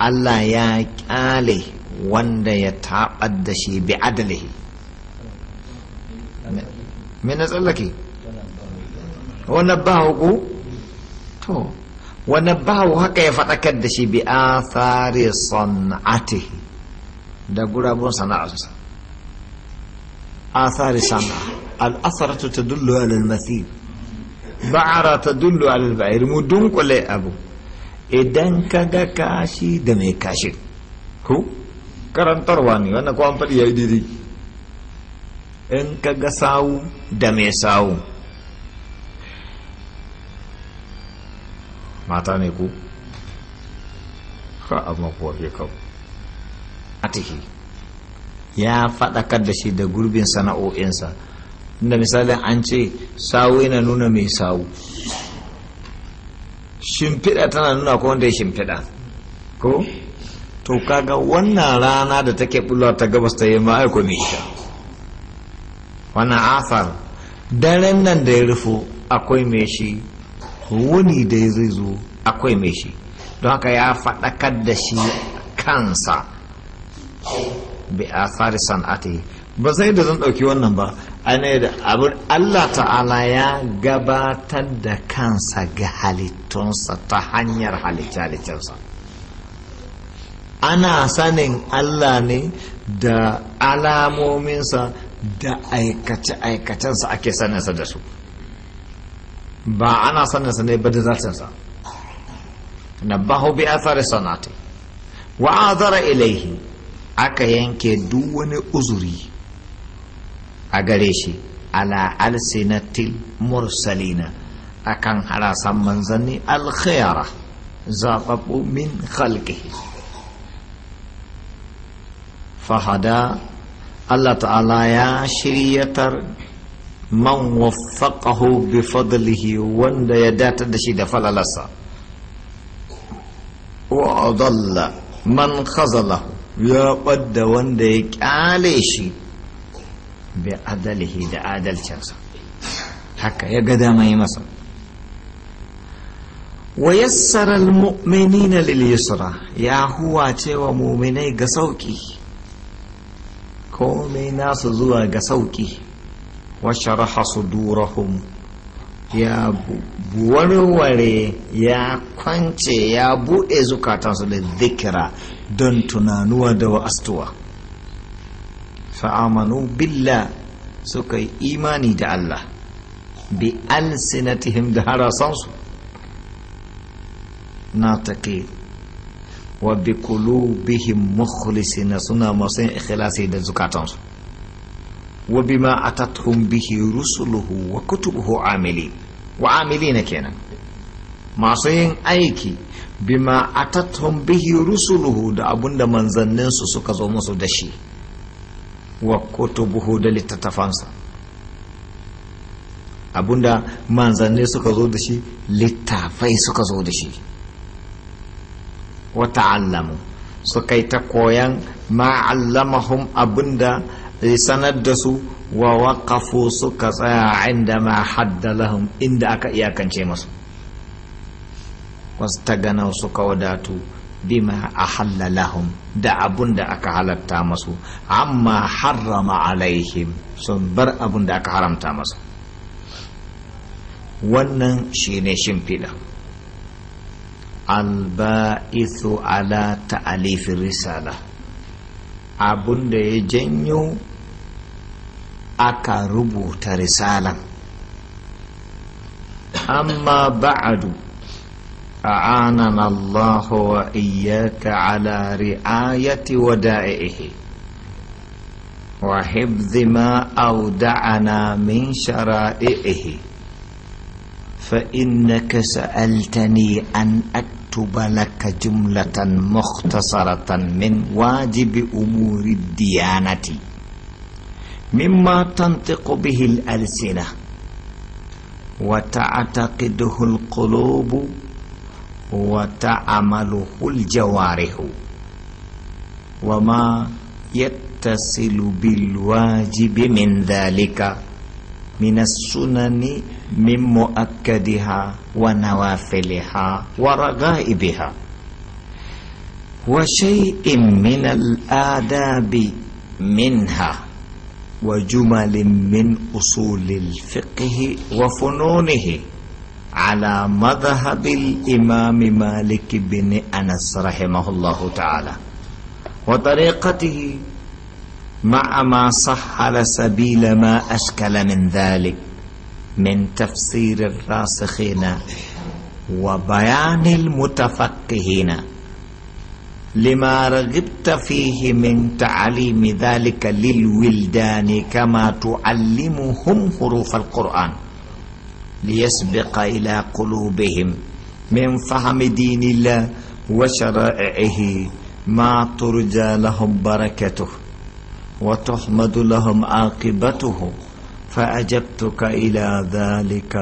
Allah ya kyale wanda ya taɓar da shi bi adalihi me na tsallake wani to wani haka ya faɗakar da shi bi da gurabun sana'a ta dullu alal ba'ara ta dullu al-ba'ir mu dunkule abu idan ka ga kashi da mai kashi ku karantarwa ne wannan kuma faɗi ya yi didi in ka ga sawu da mai sawu mata ne ku ka abu mafi wafi kawo ya faɗakar da shi da gurbin sana'o'insa inda misali an ce sawu yana nuna mai sawu shimfiɗa tana nuna ko wanda ya shimfiɗa ko to kaga wannan rana da take bulwa ta gabas ta yi ai kome ita wannan afar daren nan da ya rufu akwai mai shi wuni da ya zai zo akwai mai shi don haka ya faɗakar da shi kansa bi a tsari san'ati ba sai da zan ɗauki wannan ba ana da abin Allah ta'ala ya gabatar da kansa ga halittunsa ta hanyar halice ana sanin Allah ne da alamominsa da aikace-aikacensa ake saninsa da su ba ana saninsa ne ba da zartinsa na baho bi athari sanati wa azara ilaihi aka yanke duk wani uzuri a gare shi ala alsinatil mursalina akan harasan manzanni alkhayara zaɓaɓɓu min khalqihi fahada Allah ta'ala ya shiryatar man waffaqahu bi fadlihi wanda ya datar da shi da falalarsa wa adalla man khazalahu ya ɓadda wanda ya ƙyale shi bi adalihi da adalcinsa haka ya ga dama yi masa wa yassara almu'minina lil yusra ya huwa cewa mu'minai ga sauki komai nasu zuwa ga sauki wa sharaha sudurahum ya warware ya kwance ya buɗe zukatansu da zikira don tunanuwa da wa'astuwa fa'amanu billah suka yi imani da Allah bi alsinatihim da harasansu na take wa bi makhlisi na suna masu yin ikhlasi da zukatansu wa a tattun bihi rusuluhu wa kutubuhu amili wa na kenan masu yin aiki bi ma a tattun bihi rusuluhu da abinda manzanninsu suka zo musu da shi wa kutubuhu da littattafansa abunda manzanni suka zo da shi littafai suka zo da shi wa ta'allamu suka yi ta koyan ma'allamahum abunda sanar da su wa waƙafu suka tsaya inda ma lahum inda aka iyakance masu wasu ta suka wadatu bima ahalla lahum da abun da aka halatta masu amma harrama alaihim sun bar abun da aka haramta masu wannan shine shimfiɗa alba'ithu ala ta'alifin risala abun da ya janyo aka rubuta risalan amma ba'adu أعاننا الله وإياك على رعاية ودائعه وحفظ ما أودعنا من شرائعه فإنك سألتني أن أكتب لك جملة مختصرة من واجب أمور الديانة مما تنطق به الألسنة وتعتقده القلوب وتعمله الجوارح وما يتصل بالواجب من ذلك من السنن من مؤكدها ونوافلها ورغائبها وشيء من الآداب منها وجمل من أصول الفقه وفنونه على مذهب الإمام مالك بن أنس رحمه الله تعالى وطريقته مع ما صح على سبيل ما أشكل من ذلك من تفسير الراسخين وبيان المتفقهين لما رغبت فيه من تعليم ذلك للولدان كما تعلمهم حروف القرآن ليسبق إلى قلوبهم من فهم دين الله وشرائعه ما ترجى لهم بركته وتحمد لهم عاقبته فأجبتك إلى ذلك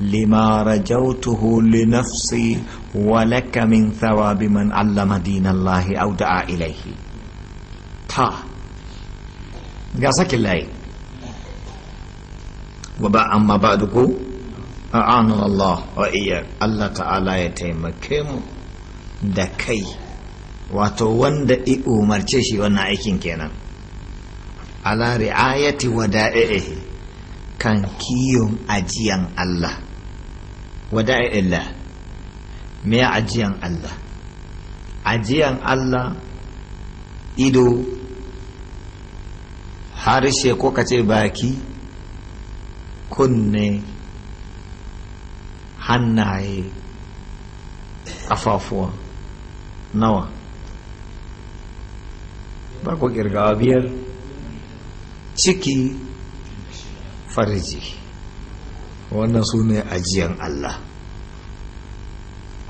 لما رجوته لنفسي ولك من ثواب من علم دين الله أو دعا إليه تا قاسك الله وبعد أما بعدكم a'anu Allah wa iya Allah ta'ala ya taimake mu da kai wato wanda i umarce shi wannan aikin kenan ala ri'ayati wada'ihi kan kiyon ajiyan Allah Allah. me ajiyan Allah ajiyan Allah ido harshe ko kace baki kunne hannaye afafuwa nawa ba ku girgawa biyar ciki farji wannan su ne ajiyan Allah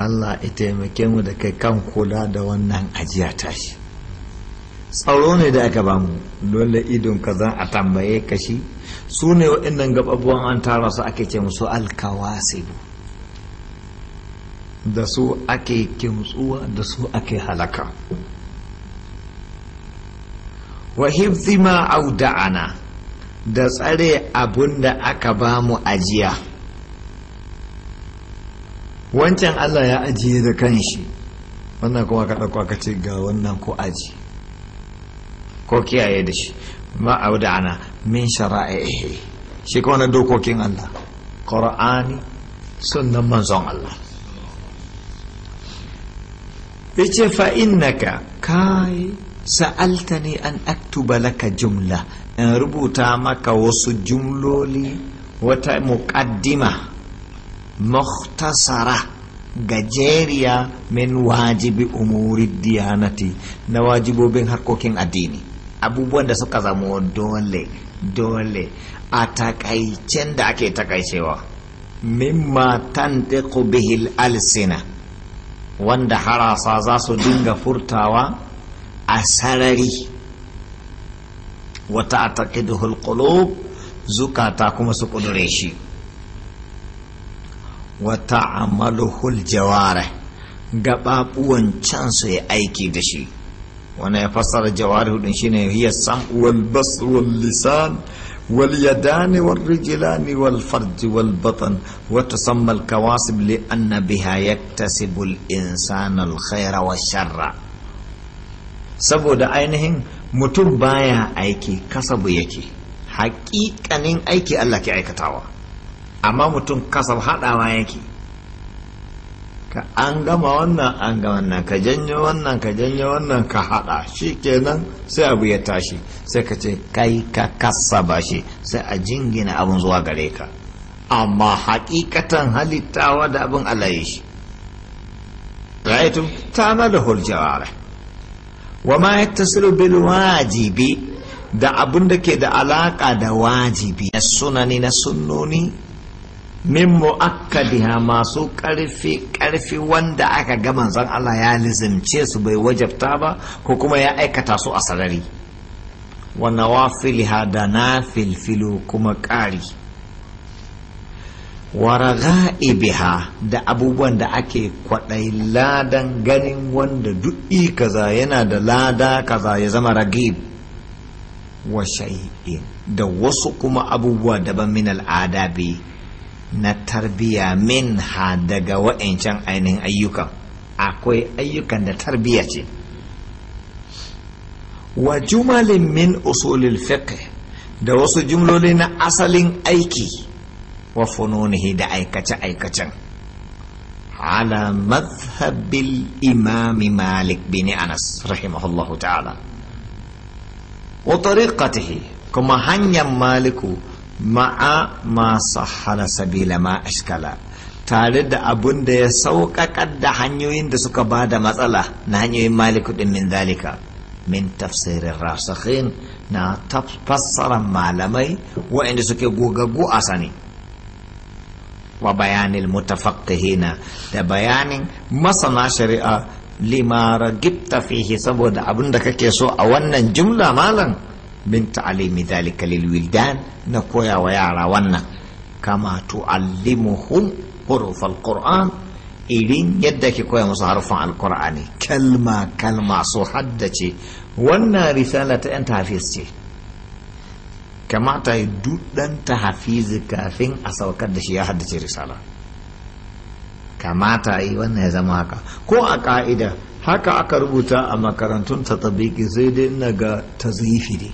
Allah ya taimake mu da kai kan kula da wannan ajiya tashi tsaro ne da aka bamu dole idon ka zan a tambaye kashi su ne waɗannan gababuwan an tara su ake ce musu alkawasibu da su ake kimtsuwa da su ake halaka wa hibzi ma auda'ana da tsare abun da aka ba mu ajiya wancan allah ya ajiye da kanshi wannan kuma ka ɗauko aka ce ga wannan ko aji ko kiyaye da shi ma auda'ana min shara'ihi shi kuma dokokin allah ƙur'ani sunnan manzon allah ya ce Ka kai sa'alta ne an aktuba laka jumla in rubuta maka wasu jumloli wata muƙaddima muhtasara gajeriya min wajibi umuri diyanati na wajibobin harkokin addini abubuwan da suka zamo dole dole a takaicen da ake takaicewa mimma tantiqu bihil alsina wanda harasa za su dinga furtawa a sarari wata a ataqiduhul qulub zukata kuma su ƙudure shi wata amaluhul jawara gaɓaɓuwan can su yi aiki da shi wani ya fassara jawari hudun shine ne sam'u wal basr wal lisan واليدان والرجلان والفرج والبطن وتسمى الكواسب لأن بها يكتسب الإنسان الخير والشر saboda ainihin mutum baya aiki kasabu yake haƙiƙanin aiki Allah ke aikatawa amma mutum kasab haɗawa yake ka an gama wannan an gama wannan ka janyo wannan ka janyo wannan ka haɗa shi kenan sai abu ya tashi sai ka ce kai ka kasa ba shi sai a jingina abin zuwa gare ka amma hakikatan halittawa da abin alaye shi tana da al ra wa ma yattasilu bil wajibi da abin da ke da alaka da wajibi na sunani na sunnoni min mu'akkadiha masu karfi karfi wanda aka ga manzon Allah ya lizimce su bai wajabta ba ko kuma ya aikata su a sarari wa nawafiliha da na filfilo kuma ƙari wa biha da abubuwan da ake kwaɗai ladan ganin wanda du'i kaza yana da lada kaza ya zama ragib wa shay'in da wasu kuma abubuwa daban min al'adabi na tarbiya min ha daga wa'ancan ainihin ayyukan akwai ayyukan da tarbiya ce wa jumalin min usulil fiqh da wasu jumloli na asalin aiki wa fununihi da aikace-aikacen ala mazhabil imami malik bin anas rahimahullahu ta'ala wa tariqatihi kuma hanyar maliku ma'a ma sahara sabila ma ashkala tare da abun da ya sauƙaƙar da hanyoyin da suka ba da matsala na hanyoyin maliku kuɗin min zalika min tafsirin rasakhin na fassara malamai waɗanda suke gogaggu a sani wa bayanin mutafaqihina da bayanin masana shari'a limara gifta fihi saboda abin da kake so a wannan jumla malam min ta'alimi dhalika lil wildan na koya wa yara wannan kama tu'allimuhum huruf alquran irin yadda ki koya musu harfan alqur'ani kalma kalma su haddace wannan risala ta yan tahfiz ce kamata ya dudan tahfizi kafin a saukar da shi ya haddace risala kamata yi wannan ya zama haka ko a ƙa'ida haka aka rubuta a makarantun ta tabiki sai dai na ga ta ne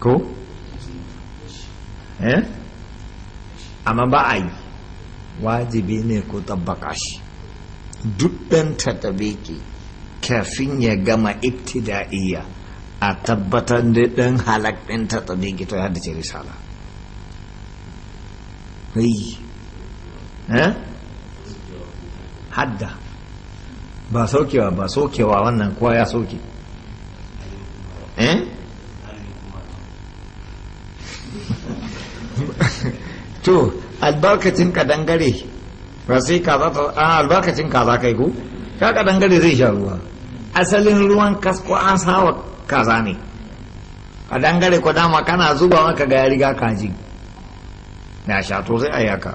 ko eh amma ba a yi wajibi ne ko tabbaka shi duk ɗan tatabeki kafin ya gama ibtida'iyya a tabbatar da ɗan halak ɗin tatabeki to ya ce risala eh? hadda ba saukewa ba saukewa wannan kowa ya soke eh to albarkacin ka dangare ba sai kaza ta a albarkacin kaza kai ku ka ka dangare zai sha ruwa asalin ruwan kasko an sawa kaza ne a dangare ko dama kana zuba maka ga yari riga kaji na sha to sai a yaka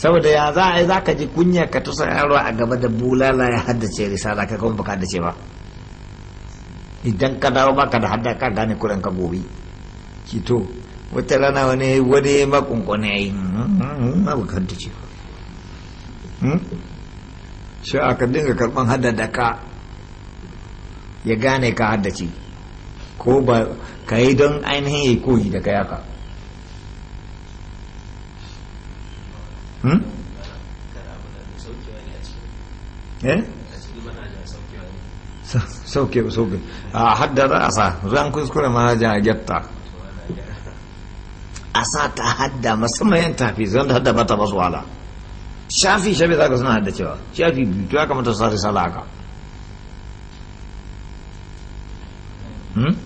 saboda ya za a yi za ka ji kunya ka tusa yaro a gaba da bulala ya haddace risala ka kuma baka haddace ba idan ka dawo baka da hadda ka gane kuɗin ka gobe ki to wata rana wani wani makunkwane ya yi hmm, abokan ta ce hmm? shi aka dinga karban hada da ka ya gane ka haddace ko ba ka yi don ainihin ya koyi da ka yaka hmm? eh? sauke sauke a haddara a sa zan kuskure manajan a gyatta a sa ta hadda musamman yan tafi zan da hadda bata basu wala shafi shafi za ka suna hadda cewa shafi biyu to ya kamata sa risala haka hmm?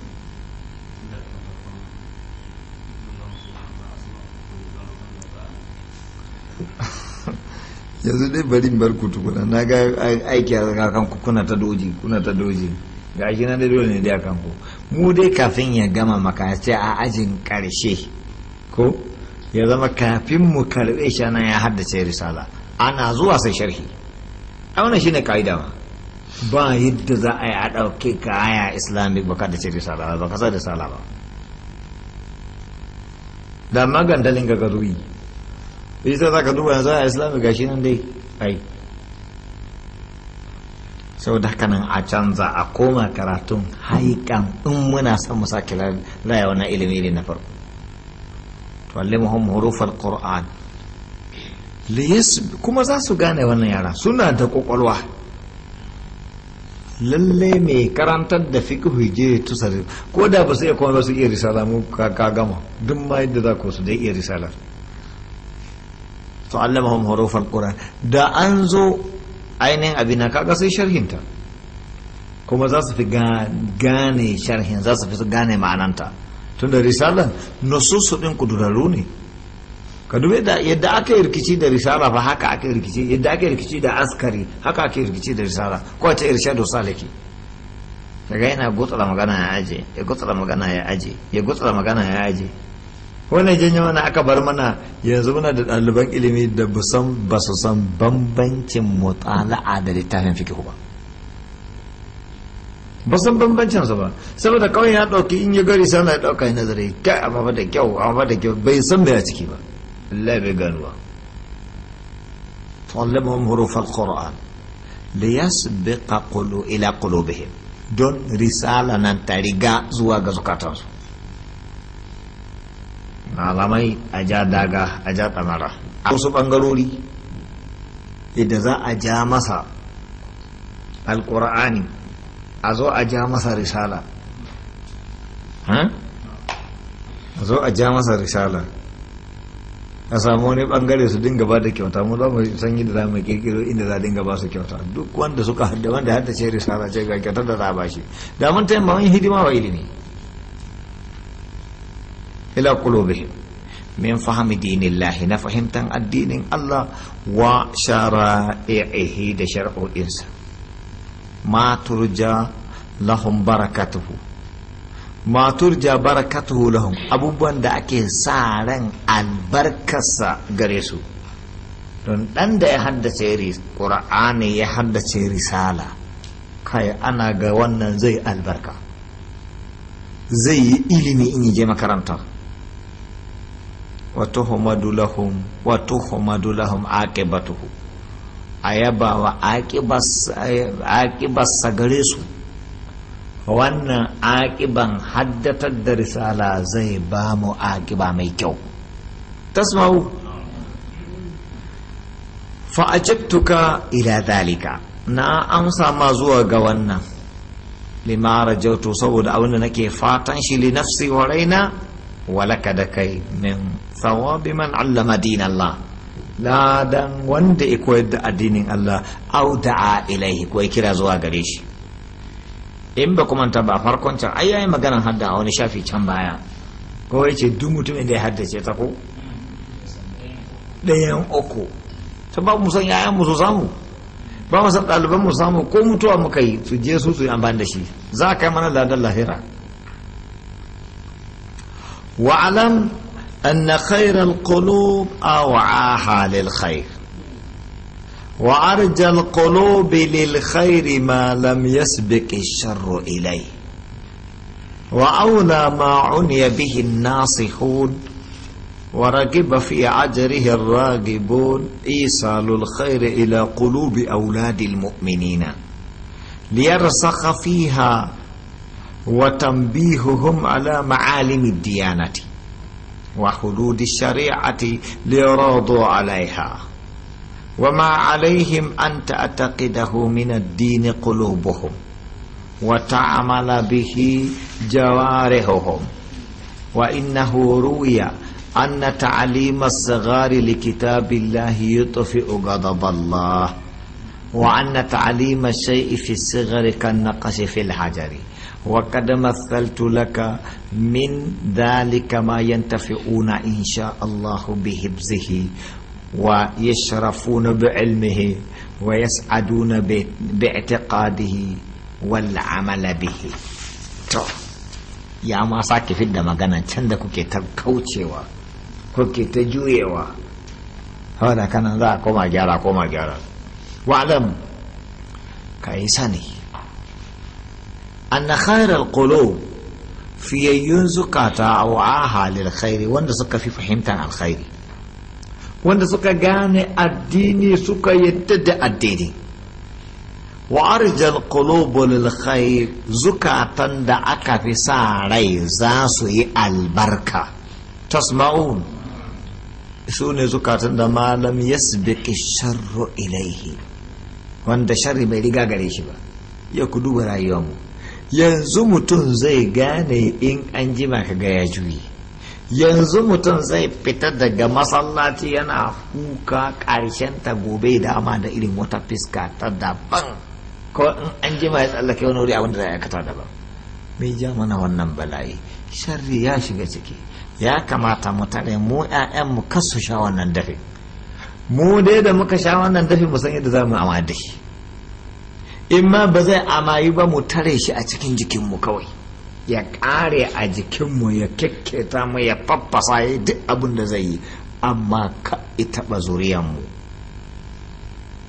yanzu dai bari bar ku tukuna na ga aiki a ku kuna ta doji kuna ta doji ga shi na dai dole ne dai a ku mu dai kafin ya gama maka ce a ajin karshe ko ya zama kafin mu karbe shi nan ya haddace risala ana zuwa sai sharhi wannan shine ka'ida ma ba yadda za a yi a ɗauke ka aya islamic ka da ce risala ba ka da risala ba da magandalin ga garuyi isa za ka duba yanzu a islamic gashi nan dai ai sau da haka nan a canza a koma karatun haikan in muna son mu sake raya na ilimi na farko wallimhum hurufar ƙor'an kuma za su gane wannan yara suna da kwakwalwa lalle mai karantar da fiqhu je tusa ko da ba su iya kuma su iya risala mu ka gama duk ma yadda za ku su dai iya risala to allamahum hurufal qur'an da an zo ainihin abin na kaga sai sharhinta kuma za su fi gane sharhin za su fi gane ma'ananta da risalan nasusu din kudurarru ne ka dube da yadda aka yi rikici da risala ba haka aka yi rikici yadda aka yi rikici da askari haka aka yi rikici da risala ko ta irshadu saliki kaga yana gutsara magana ya aje ya gutsara magana ya aje ya gutsara magana ya aje wani janyo mana aka bar mana yanzu muna da ɗaliban ilimi da ba su san bambancin mutala'a da littafin fikihu ba ba san bambancin sa ba saboda kawai ya dauki in ya gari sai mai dauka nazari kai amma ba da kyau amma da kyau bai san bai a ciki ba Allah bai gano ba tallamhum huruf alquran liyasbiqa qulu ila qulubihim don risala nan ta riga zuwa ga zukatansu malamai a ja daga a ja tamara. a wasu bangarori idan za a ja masa alkur'ani a zo a ja masa risala a zo a ja masa risala a samu wani bangare su dinga ba da kyauta mu za mu san yadda za mu kirkiro inda za dinga ba su kyauta duk wanda suka hadda wanda hadda ce risala ce ga kyautar da za ba shi da mun ba yin hidima wa ilimi ila qulubihim min fahmi dinillahi na fahimtar addinin Allah wa shara'ihi da shar'o'insa maturja lahum barakatuhu maturja barakatuhu lahum abubuwan da ake sa ran albarkarsa gare su don dan da ya haddace qur'ani ya haddace risala kai ana ga wannan zai albarka zai yi ilimi in je makaranta wa tuhmadu lahum wa tuhmadu lahum aqibatuhu a yaba wa aƙibarsa gare su wannan aƙiban haddatar da risala zai ba mu aƙiba mai kyau tasmau fa'ajabtuka ila dalika na amsa ma zuwa ga wannan Limara rajautu saboda abinda nake fatan shi li nafsi wa raina walaka da kai min thawabi man allama dinallah ladan wanda ya koyar da addinin Allah au da'a ilaihi ko ya kira zuwa gare shi in ba kuma ta ba farkon can ai yayi maganar hadda a wani shafi can baya ko ya ce duk mutumin da ya haddace ta ko ɗayan uku ta ba mu san yayan mu su samu ba mu san ɗaliban mu samu ko mutuwa muka yi su je su su yi amfani da shi za ka mana ladan lahira wa'alam أن خير القلوب أوعاها للخير وأرجى القلوب للخير ما لم يسبق الشر إليه وأولى ما عني به الناصحون ورغب في عجره الراغبون إيصال الخير إلى قلوب أولاد المؤمنين ليرسخ فيها وتنبيههم على معالم الديانه وحدود الشريعه ليراضوا عليها وما عليهم ان تعتقده من الدين قلوبهم وتعمل به جوارحهم وانه روي ان تعليم الصغار لكتاب الله يطفئ غضب الله وان تعليم الشيء في الصغر كالنقش في الحجر وقد مثلت لك من ذلك ما ينتفعون إن شاء الله بحفظه ويشرفون بعلمه ويسعدون باعتقاده والعمل به ya ma sake fidda magana can da kuke ta kaucewa kuke ta juyewa hau da kanan za a koma gyara koma gyara wa'alam ka yi sani anna khairal qulub fiyayyun zukata a lil khairi wanda suka fi fahimtar alkhairi wanda suka gane addini suka yadda da addini wa arjal qulubu zukatan da aka fi sa rai za su yi albarka tasma'un su ne zukatan da malam yasbiqi sharru ilaihi wanda sharri bai riga gare shi ba ya ku duba rayuwarmu yanzu mutum zai gane in an jima ka gaya ya juyi yanzu mutum zai fita daga masallaci yana kuka ƙarshen ta gobe da ama da irin wata fiska ta daban ko in an jima ya tsallake wani wuri abinda zai kata daban mai ja mana wannan bala'i sharri ya shiga ciki ya kamata mu tare mu 'ya'yan mu kasu sha wannan dafi mu dai da muka sha wannan dafi mu san yadda za mu amma in ma ba zai amayi ba mu tare shi a cikin jikinmu kawai ya ƙare a jikinmu ya kyakketa mu ya faffasa ya duk abin da zai yi amma ka taɓa zuriyanmu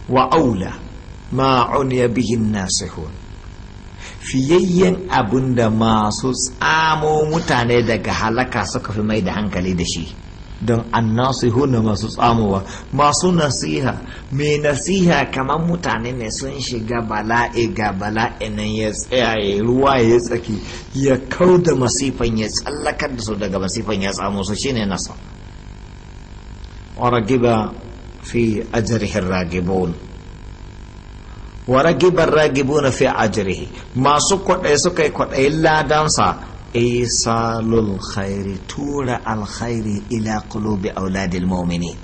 wa aula ma'un ya bihin nasihun fiyayyen abin da masu tsamo mutane daga halaka suka fi mai da hankali da shi don annasihuna masu tsamowa masu nasiha mai nasiha kamar mutane ne sun shiga bala'i ga bala'i nan ya tsayaye ruwa ya tsaki ya kau da masifan ya tsallakar da su daga masifan ya tsamo su shine nasa waragiba fi ajrihin ragibon waragibar ragibon fi ajrihi masu kwaɗai suka yi kwaɗayin ladansa isalul khairi tura alkhairi ila qulubi auladil mu'mini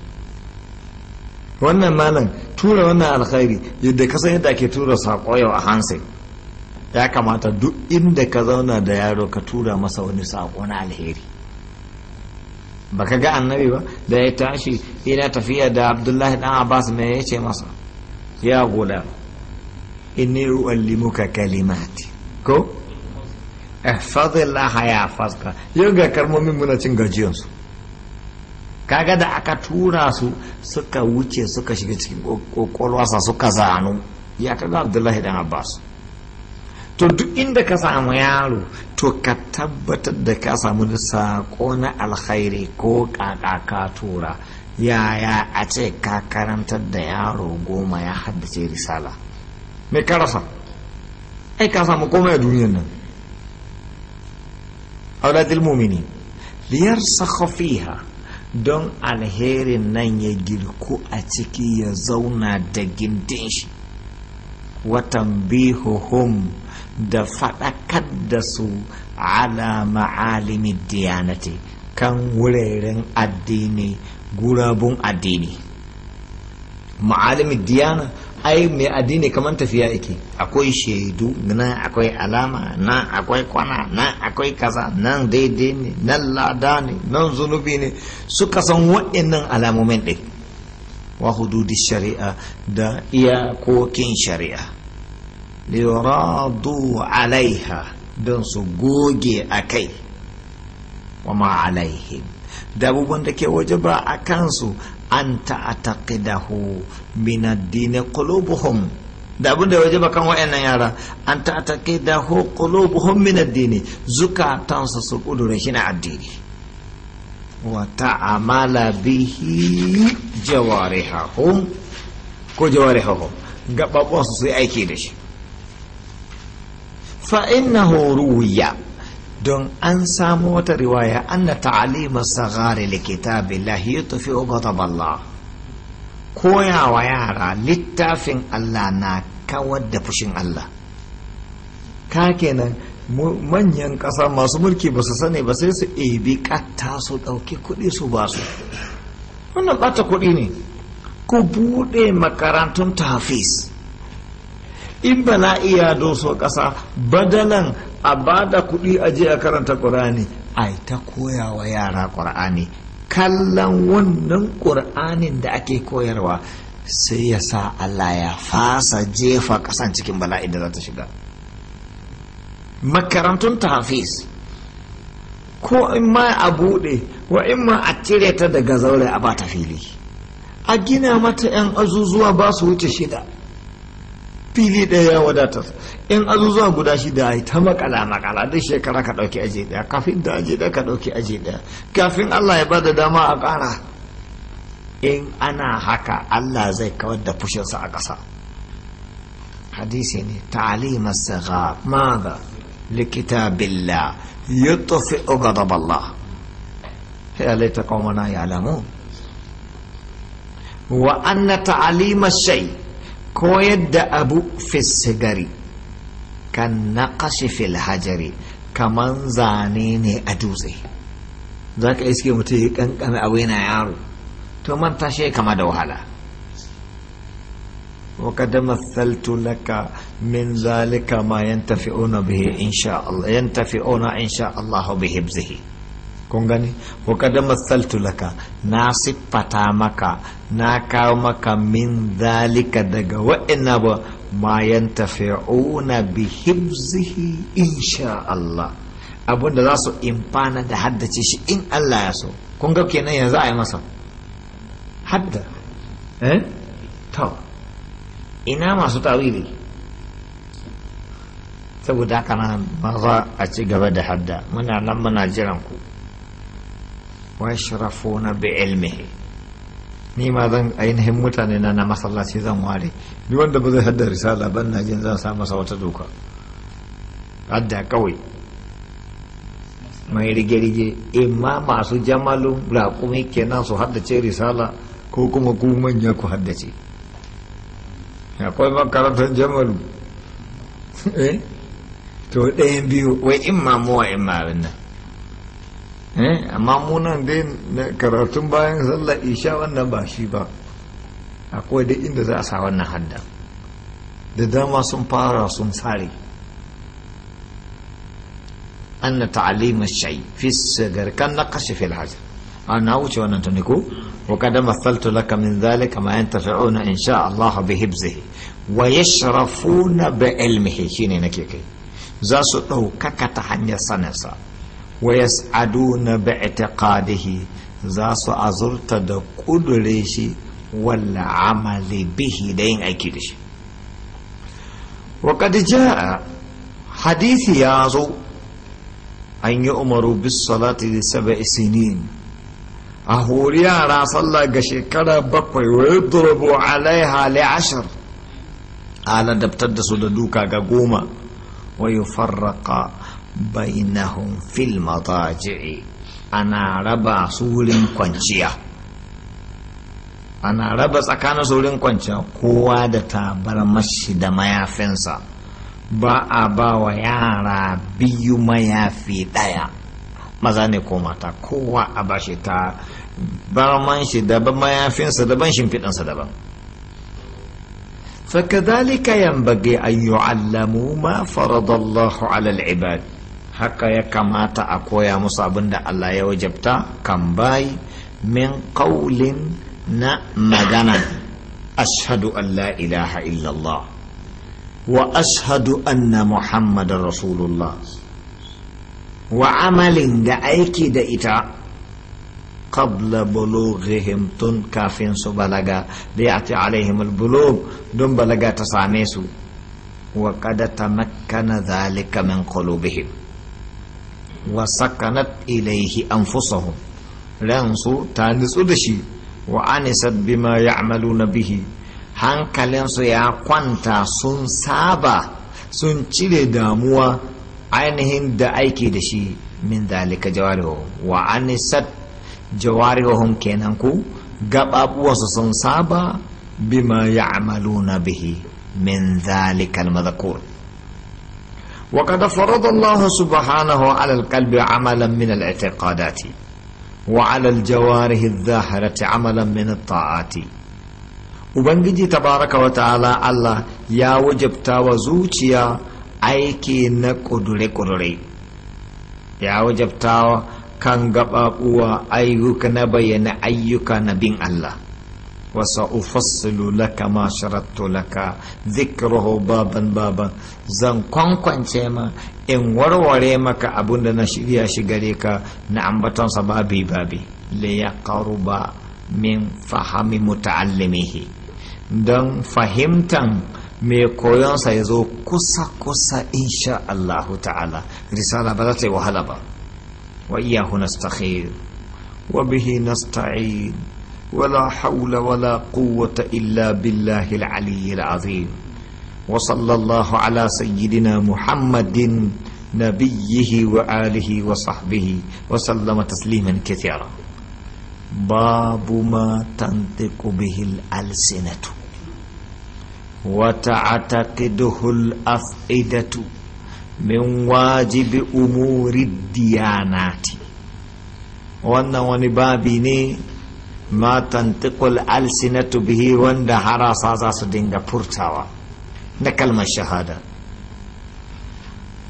wannan malam tura wannan alkhairi yadda ka san yadda ake tura sako yau a hansi. ya kamata duk inda ka zauna da yaro ka tura masa wani sako na alheri baka ga annabi ba da ya tashi ina tafiya da abdullahi dan abbas me ya ce masa ya Ini inni uallimuka kalimati ko ihfazillaha ya faska yau ga karmomin muna cin gajiyarsu kaga da aka tura su suka wuce suka shiga cikin kokolwasa suka zanu ya kaga abdullahi dan abbas to duk inda ka samu yaro to ka tabbatar da ka samu da sako na alkhairi ko kaka ka tura yaya a ce ka karantar da yaro goma ya haddace risala me ka rasa ai ka samu komai a duniyar nan auladil mumini liyar sakhafiha don alherin nan ya girku a ciki ya zauna da gindin shi watan bihuhum da faɗakar da su ala ma'alimi diyanati kan wuraren addini gurabun addini ma'alimi diyanati ai mai addini kamar tafiya yake akwai shaidu na akwai alama na akwai kwana na akwai kaza nan daidai ne nan lada ne nan zunubi ne suka san waɗannan alamomin ɗin wa hududi shari'a da iyakokin shari'a liradu alaiha don su goge a kai wa ma da abubuwan da ke waje ba a kansu an ta'taqidahu min ad-din qulubuhum da abin da ya wajaba kan wayannan yara an ta'taqidahu qulubuhum min ad-din zukatansu su kudure shi na addini wa ta'amala bihi jawarihahum ko jawarihahum gababansu su yi aiki da shi fa innahu ruwiya don an samu wata riwaya anna ta'alima sagari likitabillahi yutfi'u ghadaballah koyawa yara littafin Allah na kawar da fushin Allah ka kenan manyan ƙasa masu mulki ba su sani ba sai su ebi katta su ɗauki kuɗi su ba su wannan ɓata kuɗi ne ku buɗe makarantun tafis in bala'i ya doso ƙasa badalan a bada da kuɗi a je a karanta ƙur'ani a ta koya wa yara ƙur'ani kallon wannan ƙur'anin da ake koyarwa sai ya sa Allah ya fasa jefa ƙasan cikin bala'i da za ta shiga makarantun ta hafiz ko in ma a buɗe wa in ma a cire ta daga zaure a ba ta fili a gina mata 'yan azuzuwa ba su wuce shida fili ɗaya ya wadatar in azuzuwa guda shi da ta makala makala duk shekara ka ɗauki aji ɗaya kafin da aji ɗaya ka ɗauki aji ɗaya kafin allah ya ba da dama a ƙara in ana haka allah zai kawar da fushinsa a ƙasa hadisi ne ta'alimar saga maza likita billa ya tafi ugadabar allah ya alamu wa anna ta'alimar shai koyar da abu fisigari kan na kashe filhajari kaman zane ne a dutse za ka iske mutum ya kankana abu yana yaro to man tashe kama da wahala وقد مثلت لك من ذلك ما ينتفعون به إن شاء الله ينتفعون إن شاء الله بحفظه kun gani wa masaltu laka na siffata maka na kawo maka min zalika daga wa'ina ba ma yantafi'una bi hibzihi insha Allah abinda za su imfana da haddace shi in Allah ya so kun ga kenan yanzu a yi masa hadda eh to ina masu tawili saboda haka nan maza a ci gaba da hadda muna nan muna jiran ku washrafuna bi ilmihi ni ma zan ainihin mutane na na masallaci zan ware ni wanda ba zai haddar risala ban na jin zan sa masa wata doka hadda kawai mai rige-rige imma masu jamalun raƙumi kenan su haddace risala ko kuma ku manya ku haddace akwai makarantar jamalu eh to ɗayan biyu wai imma muwa imma abin nan Eh, amma munan dai karatun bayan sallar isha wannan ba shi ba akwai dai inda za a sa wannan hadda da dama sun fara sun sare anna ta'alima shay fi sigar kan na kashe fil A ana ah, wuce wannan tuni ko wa qad masaltu laka min dhalika ma yantafi'una insha Allah bi hibzihi wa yashrafuna bi ilmihi shine nake kai za su ɗaukaka ta hanyar sanarsa wa yas'aduna bi'tiqadihi za su azurta da kudure shi wal amali bihi da yin aiki da shi wa jaa hadisi ya zo an yi umaru bis salati da saba isinin a hori yara sallah ga shekara bakwai wa yadrubu alaiha li ashar a ladabtar da su da duka ga goma wa farraka bainahum fil mataji'i ana raba su wurin kwanciya ana raba tsakanin su wurin kwanciya kowa da tabar mashi da mayafinsa ba a ba wa yara biyu mayafi ɗaya maza ne ko mata kowa a ba shi ta barman shi daban mayafinsa daban shimfiɗinsa daban فكذلك ينبغي أن يعلموا ما فرض الله على العباد haka ya kamata a koya musu abin da Allah ya wajabta kan bayi min kaulin na magana ashadu an la ilaha illallah wa ashadu anna muhammadan rasulullah wa amalin da aiki da ita قبل بلوغهم تن كافين سو بلغا ليأتي عليهم البلوغ دون بلغا تساميسو وقد تمكن ذلك من قلوبهم wa sakanat ilaihi anfusahum ransu ta nutsu da shi wa anisat bima ya'maluna bihi hankalinsu ya kwanta sun saba sun cire damuwa ainihin da aiki da shi min dalika jawarihu wa anisat jawarihum kenan ku gababuwansu sun saba bima ya'maluna bihi min zalikal madhkur وقد فرض الله سبحانه على القلب عملا من الاعتقادات وعلى الجوارح الظاهرة عملا من الطاعات Ubangiji tabaraka wa ta'ala Allah ya wajabta wa zuciya aiki na ƙudure-ƙudure, ya wajabta kan gaɓaɓuwa ayyuka na bayyana ayyuka na bin Allah. وسأفصل لك ما شرطت لك ذكره بابا بابا زن كونكون تيما إن وروري مك أبونا نشريا شغريكا نعم بطن صبابي بابي ليقرب من فهم متعلمه دن فهمتا mai koyonsa ya zo kusa-kusa insha Allahu ta'ala risala ba za ta yi wahala ba wa iyahu nastakhir wa bihi nasta'in ولا حول ولا قوة إلا بالله العلي العظيم وصلى الله على سيدنا محمد نبيه وآله وصحبه وسلم تسليما كثيرا باب ما تنطق به الألسنة وتعتقده الأفئدة من واجب أمور الديانات وأن ونبابي ma tantiqul alsinatu bihi wanda harasa za su dinga furtawa na kalmar shahada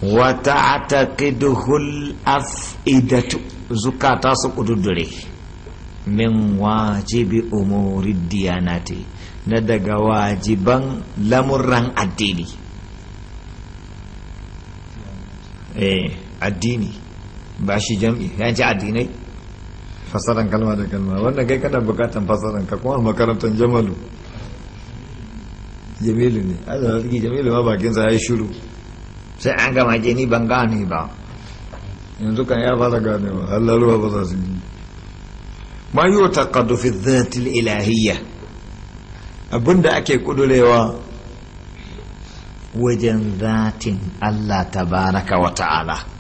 wa ta'taqiduhul af'idatu zukata su kududure min wajibi umuri diyanati na daga wajiban lamurran addini eh addini ba shi jam'i ya fasaran kalma da kalma wannan kai kana bukatan fasaran ka kuma makarantar jamalu jamilu ne a zama suke jamilu ma sa ya yi shuru sai an gama jini ni ban gane ba yanzu kan ya fara ganewa allah ruwa ba za su yi ma yi wata kadufi zatil ilahiyya abinda ake kudurewa wajen zatin allah tabaraka wa ta'ala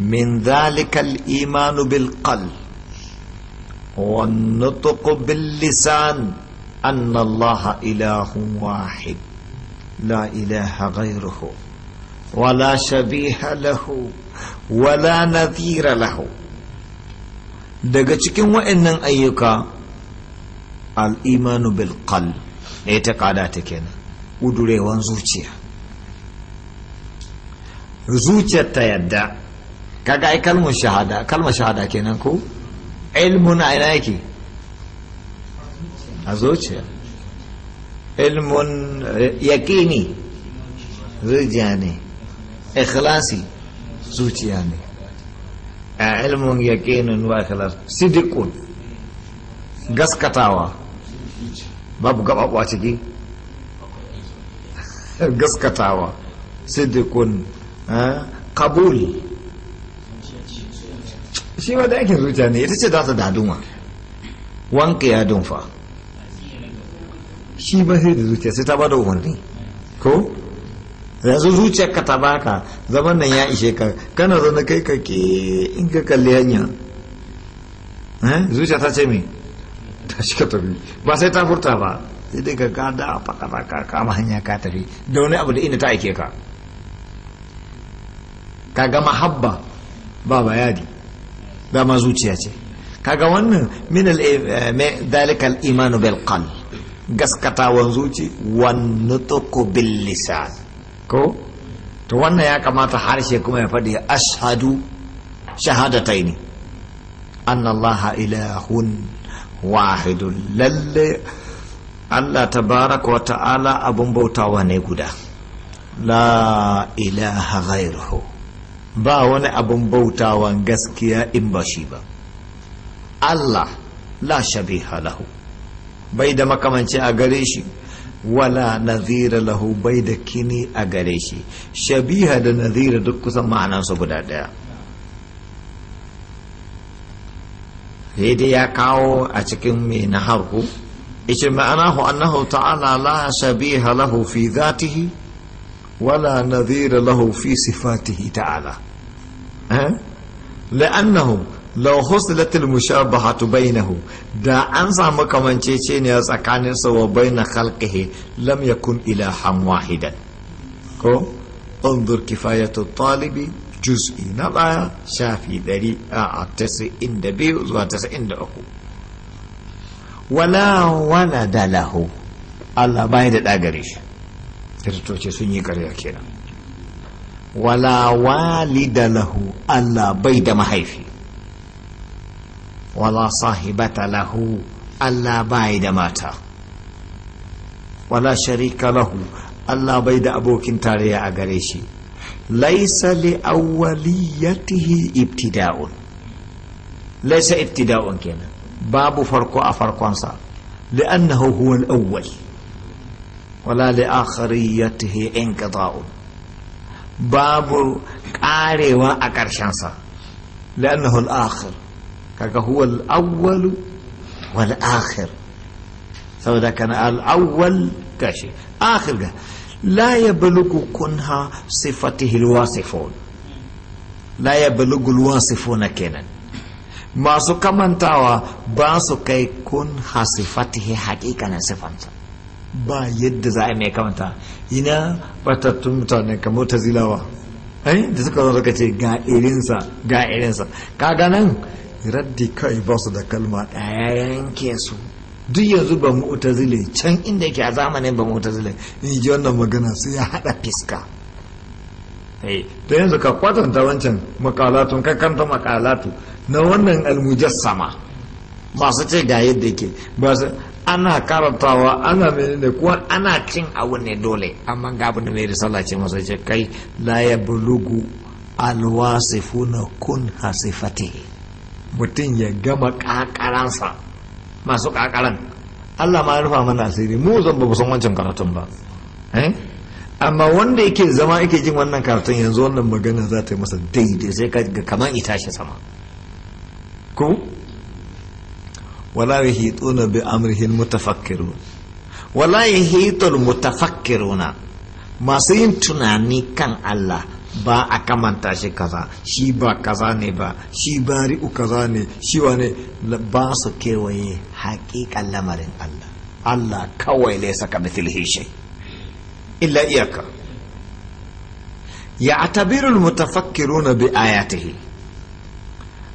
من ذلك الإيمان بالقلب والنطق باللسان أن الله إله واحد لا إله غيره ولا شبيه له ولا نذير له daga cikin wa'annan ayyuka al'imanu bilkal E, eh, ta kada ta kenan ƙudurewan zuciya zuciyar ta yadda kaga ai kalmar shahada kalmar shahada kenan ko ilmun a ina yake a zuciya ilmun eh, yaƙini zuciya ne ikhlasi zuciya ne a ilmun yaƙinin wa ikhlas sidikun gaskatawa babu gabaɓa ciki gaskatawa sidikun kabul eh, shi ma da aikin zuciya ne ita ce za ta daduma wanka ya dunfa shi ba sai da zuciya sai ta ba da umarni ko yanzu zuciya ka ta baka zaman nan ya ishe ka kana zaune kai ka ke in ka kalli hanya eh? zuciya ta ce me ta shi ka tafi ba sai ta furta ba sai dai ka gada faka ka kama hanya ka tafi da wani abu da inda ta aike ka ka ga mahabba ba bayani dama zuciya ce kaga wannan min eh, dalikal imanu bil qal gaskatawan zuci wan nutqu bil lisan ko to wannan ya kamata harshe kuma ya faɗi ashhadu shahadataini anna allaha ilahun wahidun lalle allah tabaraka wa ta'ala abun bautawa ne guda la ilaha ghairuhu ba wani abin bautawan gaskiya in ba shi ba Allah la shabiha lahu bai da makamanci a gare shi wala nazira lahu bai da kini a gare shi shabiha da nazira duk kusan ma'anansu guda daya dai ya kawo a cikin mai na harku ma'anahu annahu ta'ala la shabiha lahu fi zatihi wala nazira lahu fi sifatihi ta'ala la'annahu law husilatil mushabahatu bainahu da an samu kamanceceniya tsakanin sa wa baina khalqihi lam yakun ilahan wahidan ko انظر كفاية الطالب baya shafi ɗari a wala wala Allah bai da sun yi wala walida lahu Allah bai da mahaifi wala sahibata lahu Allah bai da mata wala sharika lahu Allah bai da abokin tarayya a gare shi laisa li awwaliyatihi ibtida'un laisa ibtida'un kenan babu farko a farkonsa li'annahu huwa al-awwal wala li akhiriyatihi inqita'un babu karewa a ƙarshensa la'annahu al kaga huwa wal akhir saboda kana gashi akhir ga la kunha sifatihi la kenan masu kamantawa ba su kai kun hasifatihi haƙiƙanin sifansa ba yadda za a mai kamata ina batattun mutane kamar ta zilawa eh, da suka zo suka ce ga irinsa ga irinsa kaga nan raddi kai ba su da kalma ɗaya yanke su duk yanzu ba Zile can inda yake a zamanin ba mu'tazile in ji wannan magana sai ya hada fiska da eh, yanzu ka kwatanta wancan makalatun kakanta makalatu na wannan almujassama masu ce ga yadda yake ba su ana karantawa ana menene kuwa ana cin abu ne dole amma ga abu da mai risala ce masa ce kai la ya bulugu na kun hasifate mutum ya gama kakaransa masu kakaran Allah ma rufa mana asiri mu zan ba san wancan karatun ba eh? amma wanda yake zama yake jin wannan karatun yanzu wannan magana za ta yi masa daidai sai ka ga kamar ita shi sama ko ولا يحيطون بأمره المتفكرون ولا يحيط المتفكرون masu yin tunani kan Allah ba a kamanta shi kaza shi ba kaza ne ba shi ba ri'u kaza ne shi wane ba su kewaye haƙiƙan lamarin Allah Allah kawai ne saka mithlihi shay illa iyaka ya atabiru almutafakkiruna bi ayatihi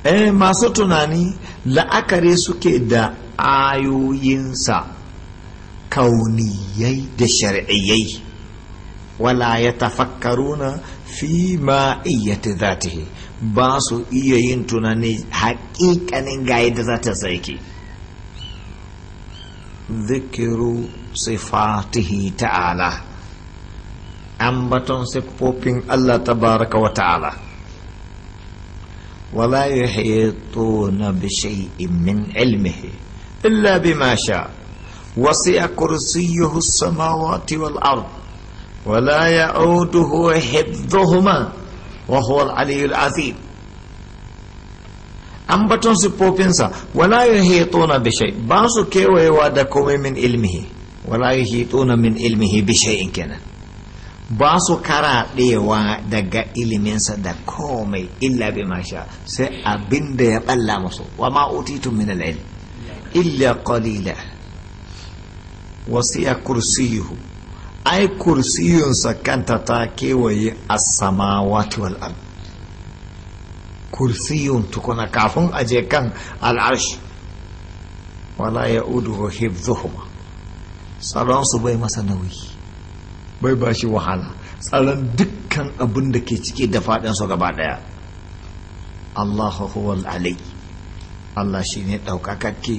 eh masu tunani la'akari suke da ayoyinsa kauniyai da shari'iyai wala ya tafakkaruna fi ma'iyyati zatihi ba su iya yin tunani haƙiƙanin ga yadda za ta saiki zikiru sifatihi ta'ala ambaton siffofin Allah ta baraka wa ta'ala ولا يحيطون بشيء من علمه الا بما شاء وسع كرسيه السماوات والارض ولا يعوده حفظهما وهو العلي العظيم ام بتنسي بوبنسا ولا يحيطون بشيء باسو كيف وادكم من علمه ولا يحيطون من علمه بشيء كنا ba su karaɗewa daga iliminsa da komai illa bi masha sai abin da ya balla musu wa tun min al'il illa qalila yi kursiyuhu ai kursiyunsa kanta ta kewaye as-samawati wal ard kursiyun tukuna kafin aje kan al'arsh wala ya'uduhu hifdhuhuma salon su bai masa nauyi bai ba shi wahala tsaron dukkan abin da ke ciki da su gaba ɗaya allahu huwal alai allah shi ne ɗaukakakke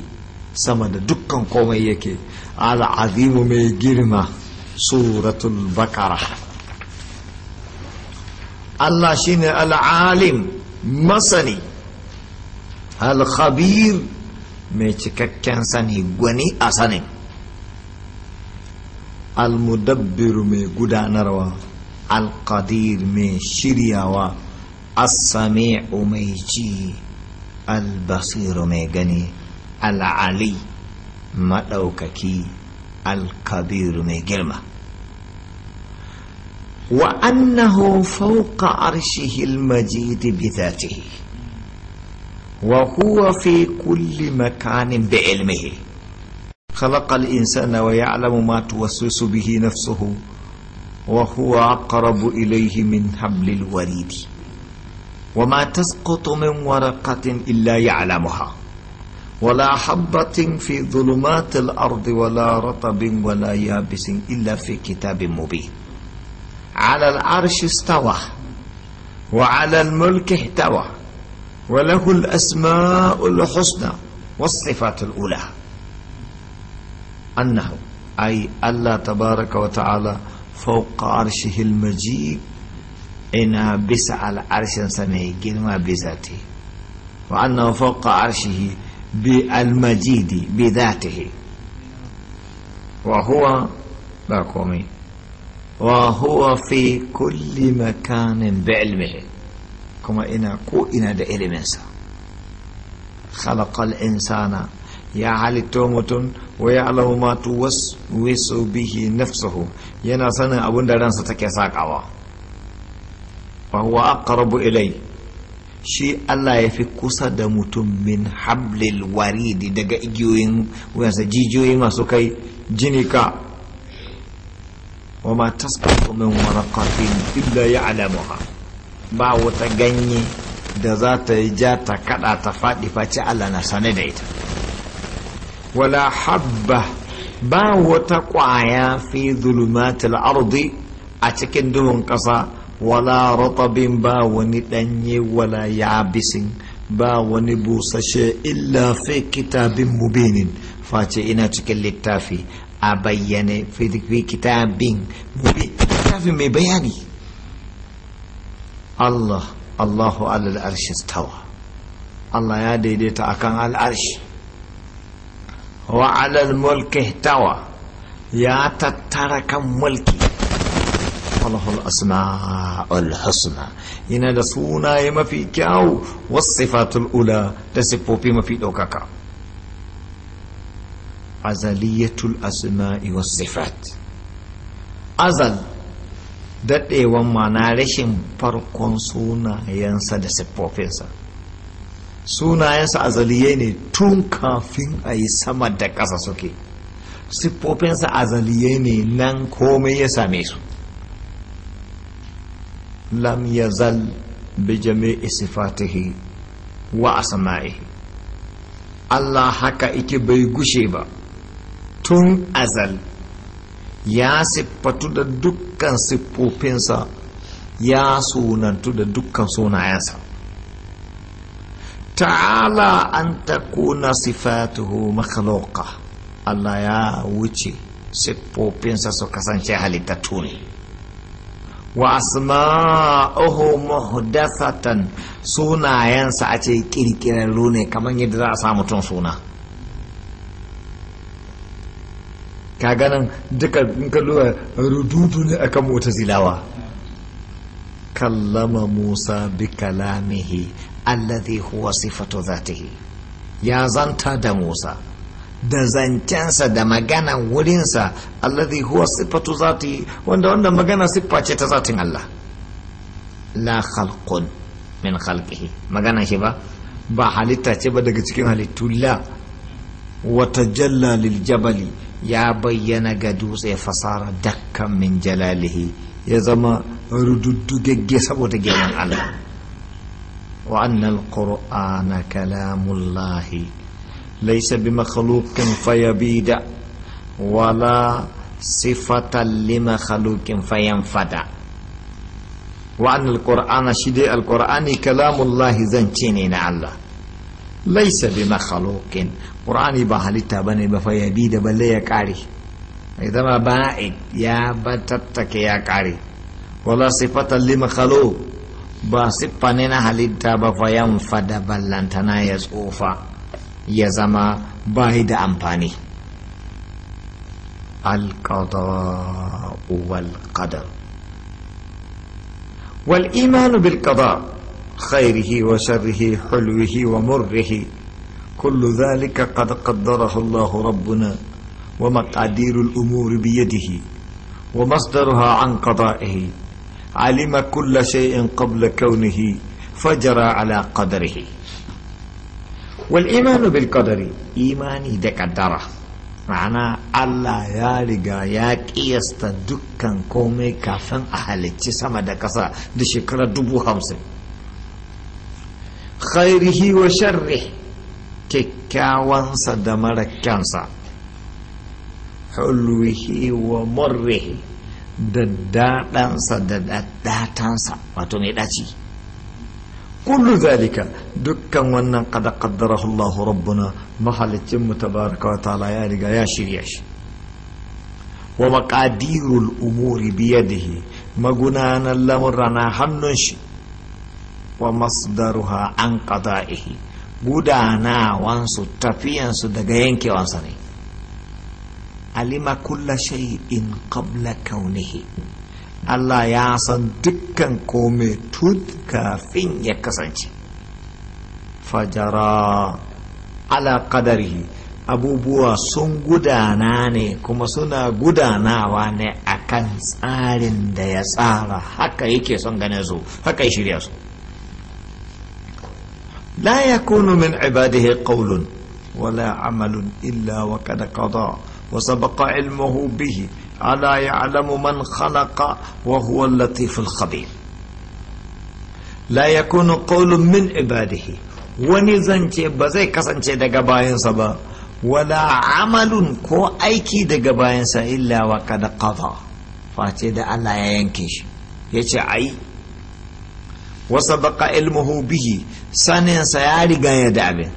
sama da dukkan komai yake ala azimu mai girma suratul bakara allah shi ne al'alim masani al-khabir mai cikakken sani gwani a sanin المدبر مي غدانروا القدير مي شرياوا السميع مي جي البصير مي غني العلي ما دوككي الكبير مي جلما وأنه فوق عرشه المجيد بذاته وهو في كل مكان بعلمه خلق الإنسان ويعلم ما توسوس به نفسه وهو أقرب إليه من حبل الوريد وما تسقط من ورقة إلا يعلمها ولا حبة في ظلمات الأرض ولا رطب ولا يابس إلا في كتاب مبين على العرش استوى وعلى الملك احتوى وله الأسماء الحسنى والصفات الأولى أنه أي الله تبارك وتعالى فوق عرشه المجيد إنا بس على عرش سنه جنما بذاته وأنه فوق عرشه بالمجيد بذاته وهو باكومي وهو في كل مكان بعلمه كما إنا كو إنا دا خلق الإنسان يا علي تومتون wa ya alahu ma tuwaswisu bihi nafsuhu yana sanin abin da ransa take sakawa Wa huwa aqrabu ilai shi Allah ya fi kusa da mutum min hablil waridi daga igiyoyin wuyansa jijiyoyi masu kai jinika wa ma tasqatu min waraqatin illa ya'lamuha ba wata ganye da za ta yi ja ta kada ta faɗi face Allah na sane da ita wala habba ba wata ƙwaya fi zulumatil ardi a cikin duhun ƙasa wala ratabin ba wani ɗanye wala yabisin ba wani busashe illa fi kitabin mubinin face ina cikin littafi a bayyane fi kitabin mubin littafi mai bayani Allah Allahu alal arshi stawa Allah ya daidaita a kan al'arshi wa alal mulki tawa ya tattara kan mulki walahul asma husna yana da sunaye mafi kyawu wasifatul ula da siffofi mafi ɗaukaka azaliyatul asma'i wasifat azal daɗewan ma na rashin farkon sunayensa da siffofinsa sunayensa azaliyai ne tun kafin a yi sama da ƙasa suke siffofinsa azaliyai ne nan komai ya same su lam yazal bi jami'i sifatihi wa asma'ihi Allah haka ike bai gushe ba tun azal ya siffatu da dukkan siffofinsa ya sunantu da dukkan sunayensa ta'ala an takuna sifatuhu makhluqa Allah ya wuce siffofinsa su kasance halittattu ne wa asma'uhu muhdathatan sunayensa a ce kirkirarru ne kamar yadda za a sa mutum suna ka ganin duka in rududu ne akan mota zilawa kallama musa bi kalamihi alladhi huwa sifatu zatihi ya zanta da Musa da zancensa da magana wurinsa alladhi huwa sifatu zati wanda wanda magana siffa ce ta zatin Allah la khalqun min khalqihi magana shi ba ba halitta ce ba daga cikin halittu la wa tajalla lil jabali ya bayyana ga dutse fasara dakkan min jalalihi ya zama rududdugegge saboda girman Allah وأن القرآن كلام الله ليس بمخلوق فيبيد ولا صفة لمخلوق فينفد وأن القرآن شدي القرآن كلام الله زنشينين نعلا ليس بمخلوق قرآن بحلتا بني بفيبيد بل يكاري إذا ما بائد يا بتتك يا كاري ولا صفة لمخلوق ba siffane na halitta ba fa yan fada ballantana ya tsofa ya القضاء والقدر والإيمان بالقضاء خيره وشره حلوه ومره كل ذلك قد قدره الله ربنا ومقادير الأمور بيده ومصدرها عن قضائه علم كل شيء قبل كونه فجرى على قدره والإيمان بالقدر إيماني دكدرة معنى الله يا رجا يا كومي كافن أهل سما دكسا دي دبو خمسة خيره وشره ككاوانسا كانسا حلوه ومره da daɗansa da daɗatansa wato mai ɗaci kullu zalika dukkan wannan kada Allah rabbuna mahalicin mu tabaraka wa ta'ala ya riga ya shirya shi wa maqadirul umuri biyadihi magunanan lamurra na hannun shi wa masdaruha an qada'ihi gudanawansu tafiyansu daga yankewansa ne alima kulla shay'in qabla kaunihi Allah ya san dukkan kome tut kafin ya kasance fajara ala qadarihi abubuwa sun gudana ne kuma suna gudanawa ne akan tsarin da ya tsara haka yake son ganin su haka shirya su la yakunu min ibadihi qawlun wala amalun illa wa qad qada وسبق علمه به على يعلم من خلق وهو اللطيف الخبير لا يكون قول من عباده ونزنج بزي دقا باين صبا ولا عمل كو أيكي دقبائن إلا وقد قضى فاتي دا ألا ينكش يتي أي وسبق علمه به سنين سياري قاية دعبين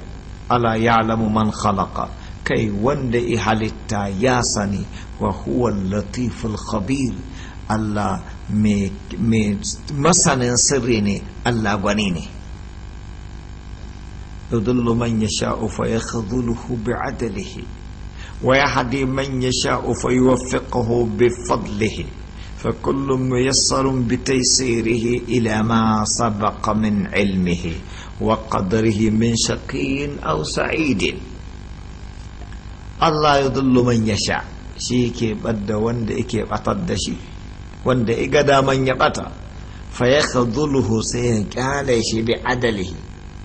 ألا يعلم من خلقه كي وند إحالتا ياساني وهو اللطيف الخبير الله latiful khabir Allah mai masanin يضل من يشاء فيخذله بعدله ويهدي من يشاء فيوفقه بفضله فكل ميسر بتيسيره الى ما سبق من علمه وقدره من شقي او سعيد Allah ya dullu man ya sha shi ke ɓadda wanda yake ɓatar da shi wanda ga daman ya ɓata fa ya khadhuluhu sai ya kyale shi bi adalihi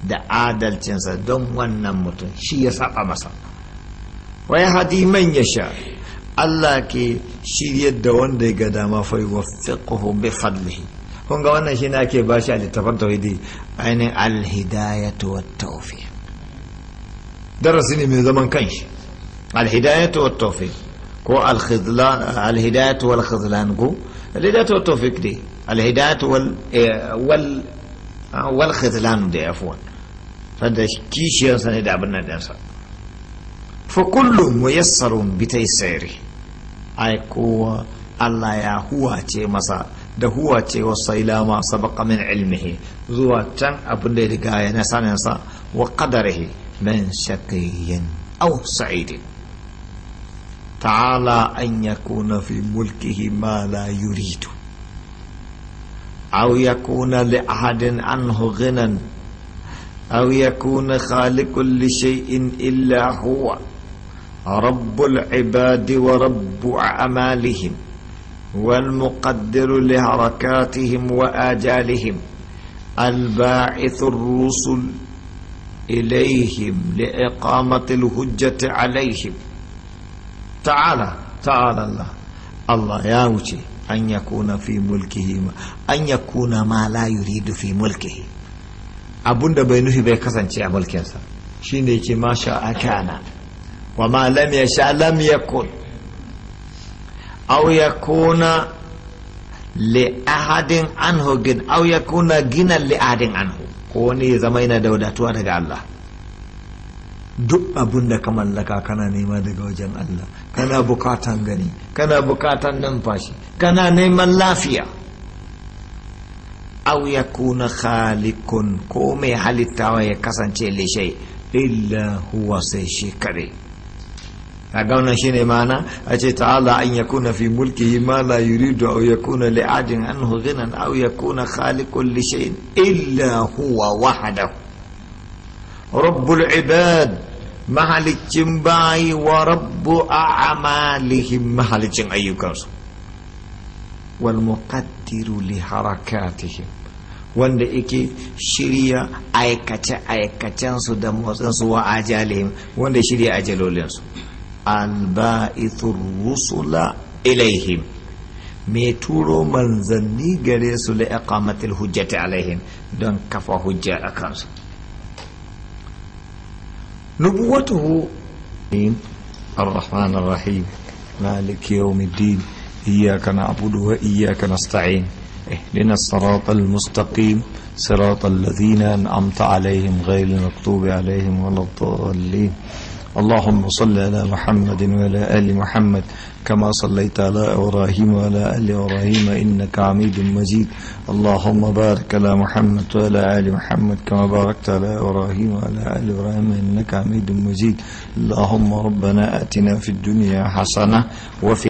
da adalcinsa don wannan mutum shi ya saba masa wa ya hadi man ya sha Allah ke shiryar da wanda ya ga dama fa yuwaffiquhu bi fadlihi kun ga wannan shine ake bashi a littafin tauhidi ainihin alhidayatu wat tawfiq darasi ne mai zaman kanshi alhidayatu wa tawfiq ko alkhidlan alhidayatu wal khidlan go alhidayatu wa tawfiq de alhidayatu wal wal wal khidlan de afwan fadda kishiyan sa ne da abin nan dinsa fa kullu muyassarun bi taysiri ai ko Allah ya huwa masa da huwa ce wa sailama min ilmihi zuwa can abin da ya riga ya nasa nasa wa qadarihi من شقي أو سعيد تعالى أن يكون في ملكه ما لا يريد أو يكون لأحد عنه غنى أو يكون خالق لشيء إلا هو رب العباد ورب أعمالهم والمقدر لحركاتهم وآجالهم الباعث الرسل إليهم لإقامة الهجة عليهم ta'ala ta'ala Allah Allah ya wuce an kuna fi mulkihi an kuna ma la yuridu fi mulkihi abunda bai nufi bai kasance a mulkinsa shine yake ma sha akana wa ma lam sha lam yakun aw yakuna li ahadin anhu gin aw yakuna gina li ahadin anhu ko ne zama yana da wadatuwa daga Allah duk abun da ka mallaka kana nema daga wajen Allah kana bukatan gani kana bukatan numfashi kana neman lafiya aw yakuna khaliqun ko mai halittawa ya kasance lishai illa huwa sai shi kare kaga wannan shine mana a ce ta'ala an yakuna fi mulkihi ma la yuridu aw yakuna li adin anhu ghinan aw yakuna khaliqun li shay'in illa huwa wahdahu rabbul ibad mahalicin bayi wa rabbu a'malihim mahalicin ayyukansu wal muqaddiru li harakatihim wanda yake shirya aikace aikacensu da motsinsu wa ajalihim wanda shirya ajalolinsu alba'ithur rusula ilaihim mai turo manzanni gare su la iqamatil hujjati alaihim don kafa hujja a kansu نبوته الرحمن الرحيم مالك يوم الدين إياك نعبد وإياك نستعين اهدنا الصراط المستقيم صراط الذين أنعمت عليهم غير المكتوب عليهم ولا الضالين اللهم صل على محمد وعلى آل محمد كما صليت على إبراهيم وعلى آل إبراهيم إنك عميد مجيد اللهم بارك على محمد وعلى آل محمد كما باركت على إبراهيم وعلى آل إبراهيم إنك عميد مجيد اللهم ربنا آتنا في الدنيا حسنة وفي